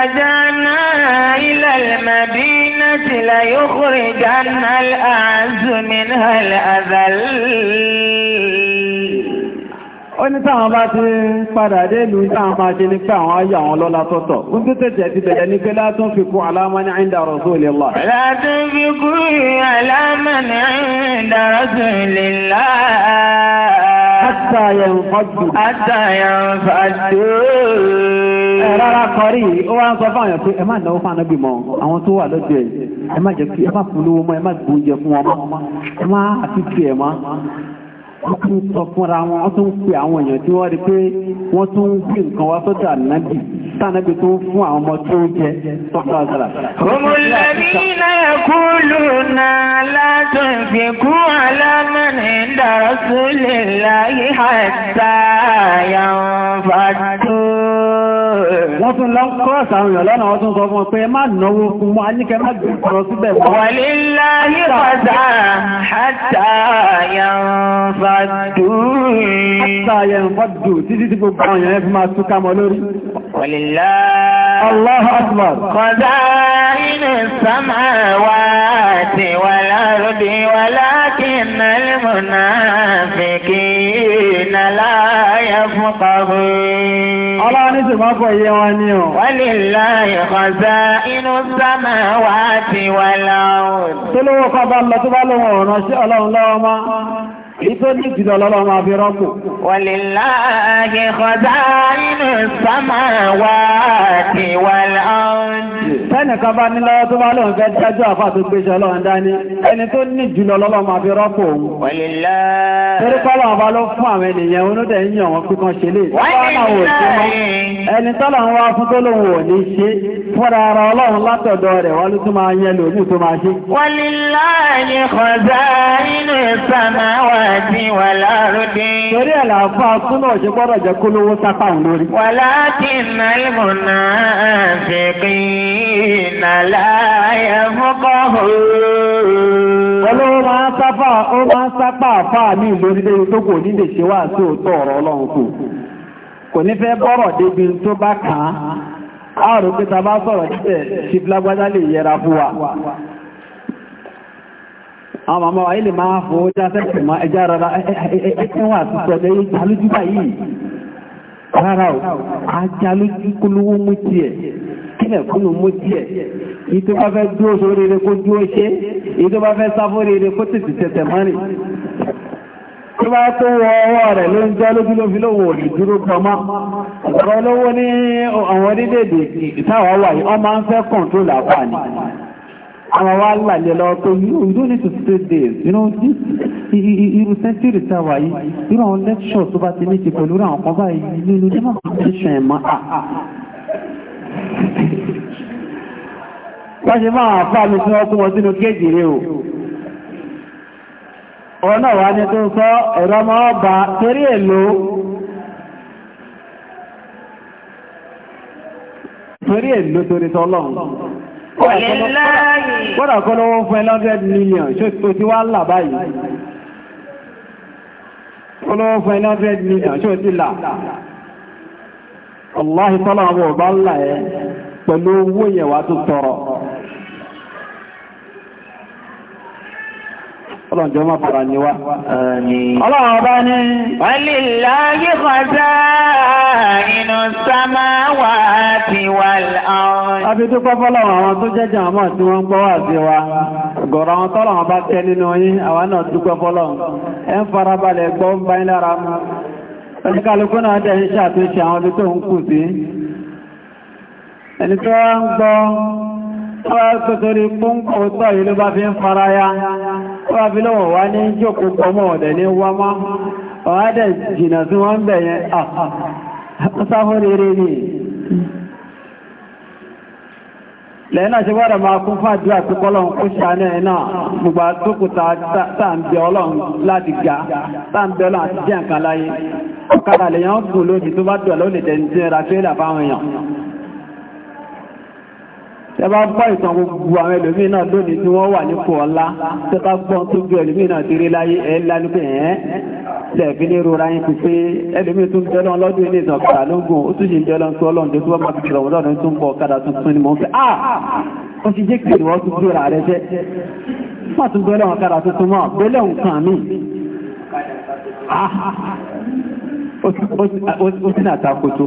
رجعنا إلى المدينة ليخرجن الأعز منها الأذل ó ní táwọn bá ti padà dé ìlú táwọn máa ṣe ní pé àwọn ayé àwọn lọ́lá tọ́tọ̀ ó tó tẹ̀tẹ̀ ti bẹ̀rẹ̀ ní pé látún fi kún alámọ́ni àìndà Rasulillah látún fi kún alámọ́ni àìndà Rasulillah tó wà lọ́jọ́ wọ́n tún sọ fúnra wọn wọ́n tún pe àwọn èèyàn tí wọ́n rí pé wọ́n tún gbé nǹkan wá sọ́dọ̀ ànábì tánàbì tó ń fún àwọn ọmọ tó ń jẹ sọ́dọ̀ àzàrà. ọmọlẹ́bí يقولون لا تنفقوا على من عند رسول الله حتى wọ́n tún lọ kọ́ọ̀sì àwọn èèyàn lọ́nà wọ́n tún sọ fún ọ pé má náwó fún mọ́ aníkẹ́ má gbé síbẹ̀ mọ́. wàlílá yípadà àtàyànfàdù. àtàyànfàdù títí tí gbogbo fi máa túká mọ́ yafqahu. Ọlọ́run sì máa fọ iye wọn ni o. Walillahi khaza'inu samawati wal ard. Tó lówó kọ́ bá lọ tó bá lóhun ọ̀ràn sí ọlọ́run lọ́wọ́ máa. Ìtò ní ìjìdọ̀ lọ́lọ́ máa fi rọ́pù. Wàlìláàgì kọjá inú sámà wá ti wà láàájì. Tẹ́nìkan bá ní lọ́wọ́ tó bá lóun fẹ́ dájú àfà tó gbé ṣe lọ́wọ́ Ẹni tó ní ìjìdọ̀ lọ́lọ́ máa fi rọ́pù òun. Wàlìláàgì. Torí pọ́lọ̀ ọba ló fún àwọn ènìyàn onúdẹ̀ ń yàn wọn kíkan ṣe lè. Ẹni sori wà afọ Torí àlàáfà súnà ṣe gbọ́dọ̀ jẹ́ kó lówó sápà lórí. Wà láti nà ìmọ̀nà àfẹ́kì nàlá ẹ̀fọ́kọ̀ Olówó máa ń sápà ó máa ń sápà àfà ní ìlórílẹ̀ ọ̀rọ̀ Ọlọ́run bọ́rọ̀ débi tó bá kàn A bá sọ̀rọ̀ níbẹ̀ fi fún wa. àwọn màmá wa ilẹ̀ máa fòó já sẹ́kì máa ẹjá rárá ẹ̀ẹ́wà àti sọ̀dẹ̀ ìjálójú báyìí rárá o ajálójú kúlúwó mú ti ẹ̀ kílẹ̀ kúlù mú ti ẹ̀ ìtò bá fẹ́ dúró sórí rẹ̀ kó dúró ṣe ìtò bá fẹ́ sáfórí rẹ̀ kó tètè tẹ̀tẹ̀ mọ́rin tó bá tó wọ ọwọ́ rẹ̀ ló ń jẹ́ lójú ló fi lówó òní dúró pọmọ́ ọ̀rọ̀ olówó ní àwọn orílẹ̀-èdè táwọn wà yìí wọ́n máa ń fẹ́ kọ̀ǹtó làpá ni àwọn wa lálẹ́ lọ pé you don't need to stay there you know this irú sẹ́ńtírì tá a wà yìí irú àwọn lecture tó bá ti ní ti pẹ̀lú àwọn kan báyìí nínú ah, ah. ní máa fi ṣe ẹ̀ mọ́ láṣẹ máa àfá mi tí wọ́n kún wọn sínú kéèkì rẹ̀ o ọ̀rọ̀ náà wá ní tó ń sọ ẹ̀rọ ọmọ ọba torí èlò torí èlò torí tọ́lọ́run Kọ́dà kọ́ lọ́wọ́ fún ẹlọ́dẹ́ mílíọ̀n ṣe tó ti wá là báyìí. Kọ́ lọ́wọ́ fún ẹlọ́dẹ́ mílíọ̀n ṣe ti là. Allahi tọ́lọ̀ àwọn ọ̀bá ńlá ẹ pẹ̀lú owó yẹ̀wà tó tọrọ. ọlọ́njọ́ máa fara ní wá. ọlọ́run ọba ní. walillahi khaza'inu samawati wal ard. àfi tó pọ́pọ́ lọ́wọ́ àwọn tó jẹ́jẹ́ àmọ́ tí wọ́n ń gbọ́ wá sí wa gọ̀rọ̀ àwọn tọ́lọ̀ wọn bá tẹ́ nínú yín àwọn náà dúpẹ́ fọ́lọ́run ẹ̀ ń farabalẹ̀ gbọ́ ń bá yín lára mu oníkàlùkù náà dẹ̀ ń ṣàtúnṣe àwọn ibi tó ń kù sí ẹni tó wá ń gbọ́ wọ́n tó torí púnkù tọ́ ìlú bá fi ń fara ya wọ́n fi lọ́wọ́ wá ní jókòó pọ̀mọ́ ọ̀dẹ̀ ní wá má ọ̀hádẹ̀ jìnà tí wọ́n ń bẹ̀ yẹn sáfọ́ rere ni lẹ́nà ṣe wọ́n rẹ̀ máa kún fún àdúrà tó kọ́lọ̀n kó ṣàánẹ́ náà gbogbo àtókùta tàbí ọlọ́run láti ga tàbí ọlọ́run àti jẹ́ láyé ọ̀kadà lèyàn gùn lónìí tó bá dùn lónìí tẹ́ ẹbá gbọ́ ìtàn gbogbo àwọn ẹlòmíì náà lónìí tí wọ́n wà nípò ọlá tó bá gbọ́ tó bí ẹlòmíì náà ti rí láyé ẹ̀ lálùpẹ̀ ẹ̀ lẹ́ẹ̀fí ní rora yín ti pé ẹlòmíì tún bẹ́ẹ̀ lọ́n lọ́dún ilé ìtàn kàrà lógún ó tún sì ń bẹ́ẹ̀ lọ́n tó ọlọ́run tó tún bá máa fi rọ̀wọ́ lọ́dún tó ń bọ̀ ọ̀kadà tuntun ni mò ń fẹ́ à ah! ó ti jẹ́ kí ìwọ́ tún gbéra rẹ jẹ́ má tún bẹ́ẹ̀ lọ́n ọ̀kadà tuntun mọ́ bẹ́ẹ̀ lọ́n kàn mí ah! ó sì nà takoto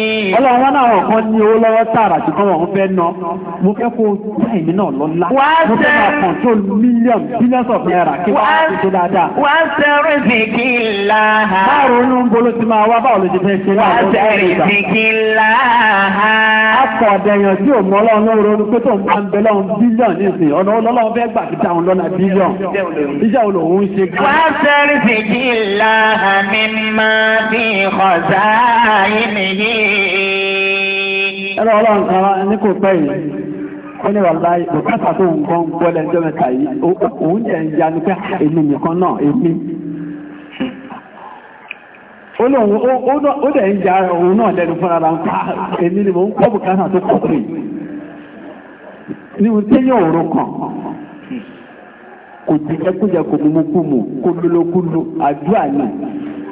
ọlọ́run náà wọ̀n kan ní owó lọ́wọ́ tààrà tí kọ́ wọ́n fẹ́ ná mo fẹ́ kó táìmì náà lọ mo fẹ́ máa control million billions of naira kí wọ́n á tó dáadáa. wà á sẹ́rì fìkì báwo ló ń bolo ti máa wá báwo ló ti fẹ́ ṣe láwọn ọdún tó ń gbà. akọ ọ̀dẹ̀yàn tí òun ọlọ́run ló ronú pé tó ń bá ń bẹ lọ́run bílíọ̀n nísìn ọ̀nà ọlọ́run fẹ́ gbà kíta òun lọ́nà bílíọ̀n iṣẹ́ olóhùn ṣe gbà. wà á sẹ́rì fìkì láha mímọ́ bí kọ̀ọ̀sá yìí nìyí. ẹ̀rọ ọlọ́run kan ní kò pẹ́ yìí ó ní wà láyé bùkátà tó nǹkan gbọ́lẹ̀ ẹjọ́ mẹ́ta yìí òun jẹ́ ń ní pé ah, èmi nìkan náà èmi ó dẹ̀ ń ja òun náà lẹ́nu ah, ni ń kọ́ bùkátà tó pọ̀ ní ohun tí yóò rò kàn kò kò mú kú kó lólókú lo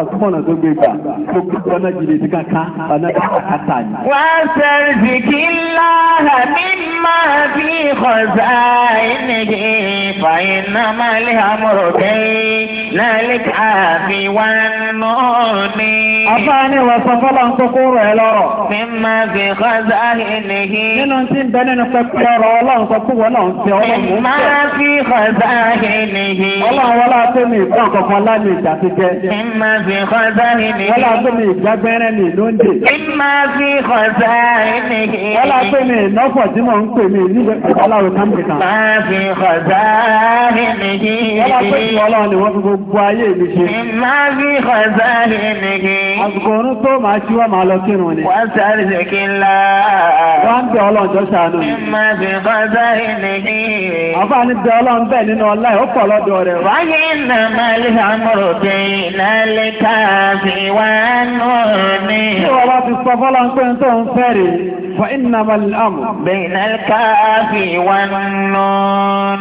àtúmọ̀nà tó gbé gbà tó gbogbo ọ̀nà jìnnà ti kankan ọ̀nà kàkàtà ni. wà á sẹ́rì sí kí láhà mí máa fi kọ̀ọ̀sà ìnìkì fàyínà máa lè hàmúrò bẹ́ẹ̀ lálẹ́ káàbí wà nù ní. afáàní wà sọ fọlá ń kókó rọ ẹ lọ́rọ̀. mi máa fi kọ̀ọ̀sà ìnìkì. nínú tí ń bẹ nínú pẹpẹ ọ̀rọ̀ Ọlọ́run sọ wọn náà ń tẹ Ọlọ́run mi máa fi kọ̀ọ̀sà ìnìkì. Ọlọ́run wọlá fi kọ́sáìnì. Wọ́lá tó mi ìgbàgbẹ́rẹ́ mi ló ń dè. Ìmá fi kọ́sáìnì. Wọ́lá tó mi ìnáfọ̀ tí mò ń pè mí ní ọlọ́run Kámẹ́ríkà. Má fi kọ́sáìnì. Wọ́lá tó mi ọlọ́run ni wọ́n fi gbogbo ayé mi ṣe. Ìmá fi kọ́sáìnì. Àsìkò orun tó máa ṣíwá máa lọ kírun ni. Wọ́n sáré ṣe kí n lá. Wọ́n ń bẹ ọlọ́run tó ṣàánú. Ìmá fi kọ́sáìnì. Àfáàní bẹ ọlọ́run bẹ́ẹ̀ nínú ọlá ẹ̀ ó pọ̀ lọ́dọ̀ rẹ̀. Wáyé ìnàmọ́lẹ́ àmọ̀rọ̀ bẹ́ẹ̀ nálẹ́ ìtàbí wà nù ní. Ṣé wọ́n bá ti sọ fọ́lá ń pè ń tó ń fẹ́ rè fa iná ma lè àmù. Bẹ̀yìn alkaafi wà nù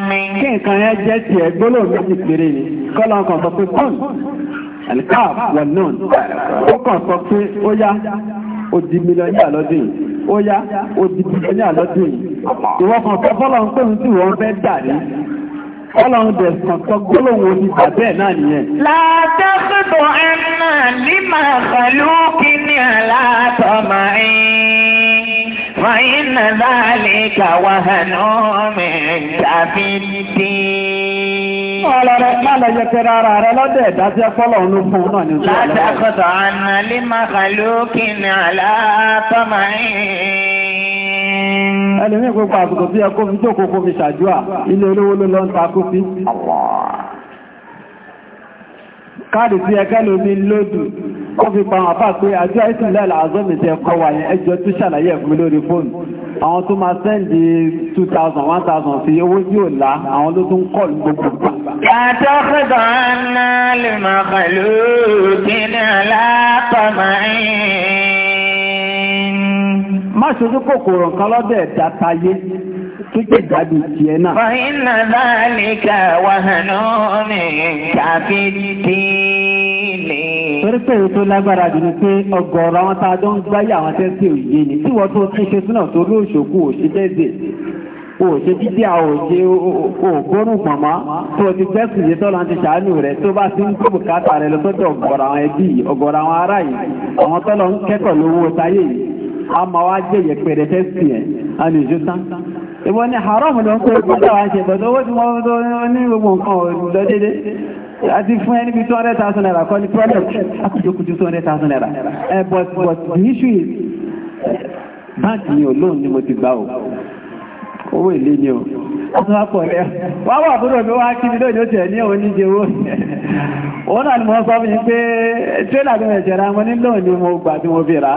ní. Kí nǹkan yẹn jẹ́ tiẹ̀ gbólóhùn méjì péré ni, kọ́lá kan sọ pé kọ́n, alkaaf wà nù. Ó kàn sọ pé ó yá, ó di mílíọ̀nù àlọ́dún yìí, ó yá, ó di mílíọ̀nù àlọ́dún yìí. Ìwọ kan sọ fọ́lá ń pè ń fẹ́ dà ní. Ọlọ́run dẹ̀ kọ̀kọ́ gbólóhùn omi bàbẹ́ náà nìyẹn. Látàkùtọ̀ ẹ̀nà ní màá pẹ̀lú kí ní àlátọ̀mà ẹ̀yìn. Fàyínà dálíkà wàhánà mi tàbí dín. Ọlọ́rẹ̀ máa lọ yẹpẹrẹ ara rẹ lọ́dẹ̀ ìdájẹ́ fọ́lọ̀run ló fún un náà ní ojú ọlọ́rẹ̀. Látàkùtọ̀ ní màá pẹ̀lú kí ní àlátọ̀mà ẹlẹ́mí gbogbo àbùkù tí ẹkọ́ fi jókòó kó fi ṣàjúà ilé olówó ló lọ ń takó sí káàdì tí ẹkẹ́ lómi lódù ó fi pa àwọn pé àjọ ìsìnlẹ̀ àzọ́mì tẹ kọ wà yẹn ẹjọ́ tó ṣàlàyé ẹ̀fún lórí fóònù àwọn tó máa sẹ́ndì 2000 1000 sí owó tí ò àwọn ló tún kọ́ ní gbogbo Àtọ́kọ̀dọ̀ má ṣojú kòkòrò nǹkan lọ́dẹ̀ dátayé tó jẹ́ ìgbádùn ti ẹ̀ náà. wọ́n iná báàlìkà wàhánú mi kàfi dìílì. torí pé èyí tó lágbára jù ni pé ọgọ́rọ̀ àwọn tá a jọ ń gbáyé àwọn tẹ́sí òye ni tí wọ́n tó tún ṣe sínà torí òṣòkú òṣìṣẹ́ òṣè dídí àwòṣe ògbónú pọ̀mọ́ tó ti tẹ́sì yìí tọ́lá ti ṣàánú rẹ̀ tó bá ti ń kó bùkátà rẹ̀ lọ́sọ́dọ̀ ọ̀gọ̀rọ̀ àwọn ẹbí ọ̀gọ̀rọ̀ àwọn ará yìí àwọn tọ́lọ ń kẹ́kọ̀ọ́ lówó táyé yìí a máa wá jẹ́ yẹ̀pẹ̀rẹ̀ tẹ́sì ẹ̀ a lè jó tán ìwọ́n ni haram ló ń kó ìpínlẹ̀ wa ṣe pẹ̀lú owó tí wọ́n tó ní gbogbo nǹkan lọ dédé àti fún ẹni bí 200,000 naira kọ́ ní product láti jókòó 200,000 naira eh, but but the issue is báńkì ni ò lóun ni mo ti gbà o owó ìlé ni o ọdún àpọ̀ rẹ̀ wá wà búrò mi wá kí ni lóòjò tẹ̀ ní òun níje owó òun náà ni mo sọ fún yín pé tírélà rẹ̀ ni gbà tí mo fi rà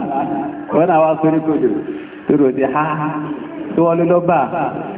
náà wá sórí kodò tó rò ha tó wọ́n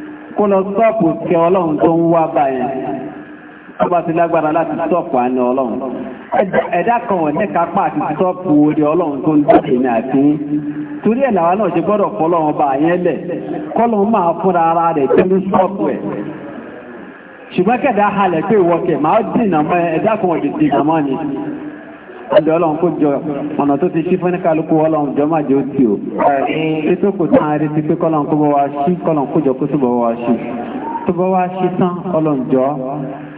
kó lọ sọ́ọ̀pù kí ọlọ́run tó ń wá báyẹn tó bá ti lágbára láti sọ́ọ̀pù àní ọlọ́run ẹ̀dá kan wọ̀n ní kápá àti sọ́ọ̀pù orí ọlọ́run tó ń dìde ní àti torí ẹ̀ náà ṣe gbọ́dọ̀ fọlọ́run bá àjọ ọlọ́run kó jọ ọ̀nà tó ti ṣí fún ní kálukú ọlọ́run jọ máa jẹ́ ó tì ó títí kò tán àrí ti pé kọ́lọ́run kó bọ́ wá ṣí kọ́lọ́run kó jọ kó túbọ̀ wá ṣí tó bọ́ wá ṣí tán ọlọ́run jọ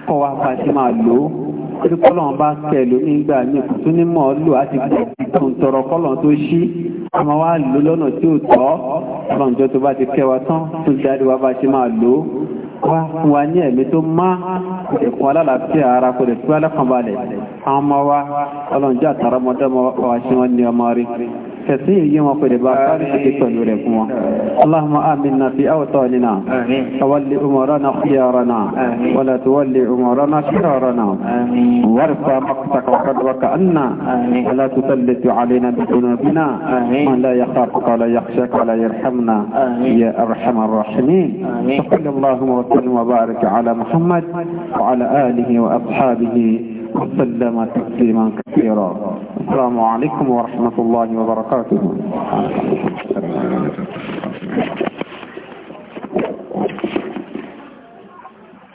kọ́ wá pàṣẹ máa lò ó torí kọ́lọ́run bá kẹ̀ ló nígbà ní kùtù ní mọ̀ ọ́ lò àti tó ń tọrọ kọ́lọ́run tó ṣí àmọ́ wá lò lọ́nà tí ò tọ́ ọlọ́run jọ tó bá ti kẹ́ wa tán tó dáadé wa wá fún wa ní ẹ̀mí la má ìdẹ̀kùn alálàáfíà ara kò lè fi wá lẹ́kànbalẹ̀ àwọn ọmọ wa ọlọ́njẹ́ àtàràmọ́dọ́mọ wa ṣe wọ́n ní ọmọ rí كثير يوم اللهم آمنا في أوطاننا تولي أمورنا خيارنا ولا تولي أمورنا شرارنا وارفع مقتك وقدرك أنا ولا تسلط علينا بذنوبنا من لا يخافك ولا يخشاك ولا يرحمنا يا أرحم الراحمين صلى اللهم وسلم وبارك على محمد وعلى آله وأصحابه وسلم تسليما كثيرا السلام عليكم ورحمة الله وبركاته